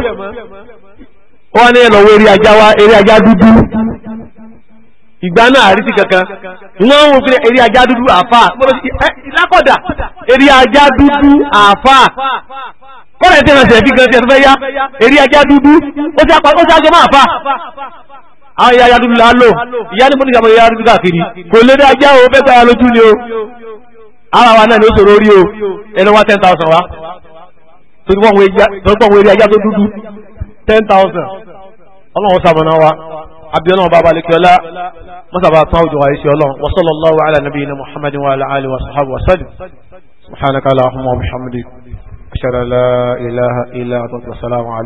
ó ní eré ajá wa eré ajá dúdú ìgbà náà kankan fi eré ajá dúdú eré ajá dúdú gan eré ajá dúdú ó ti ó ti àwọn ìyá yadu la lò ìyá ni mo ní ìyàmọ̀ yadu káàkiri kò lé ní ajá o bẹ́ẹ̀ sáyà lójú ni o ara wa náà ni ó sọ̀rọ̀ orí o ẹni wá ten thousand wa torí pọ̀ wọ́n eré ajá tó dúdú ten thousand ọlọ́run sàmọ̀nà wa abiola ọba abalekiola mọ́sàbà tán òjò àìsí ọlọ́run wa ala nabiyyina muhammadin wa ala alihi wa sahbihi wa sallam subhanaka allahumma wa bihamdik ashhadu an ilaha illa anta alaykum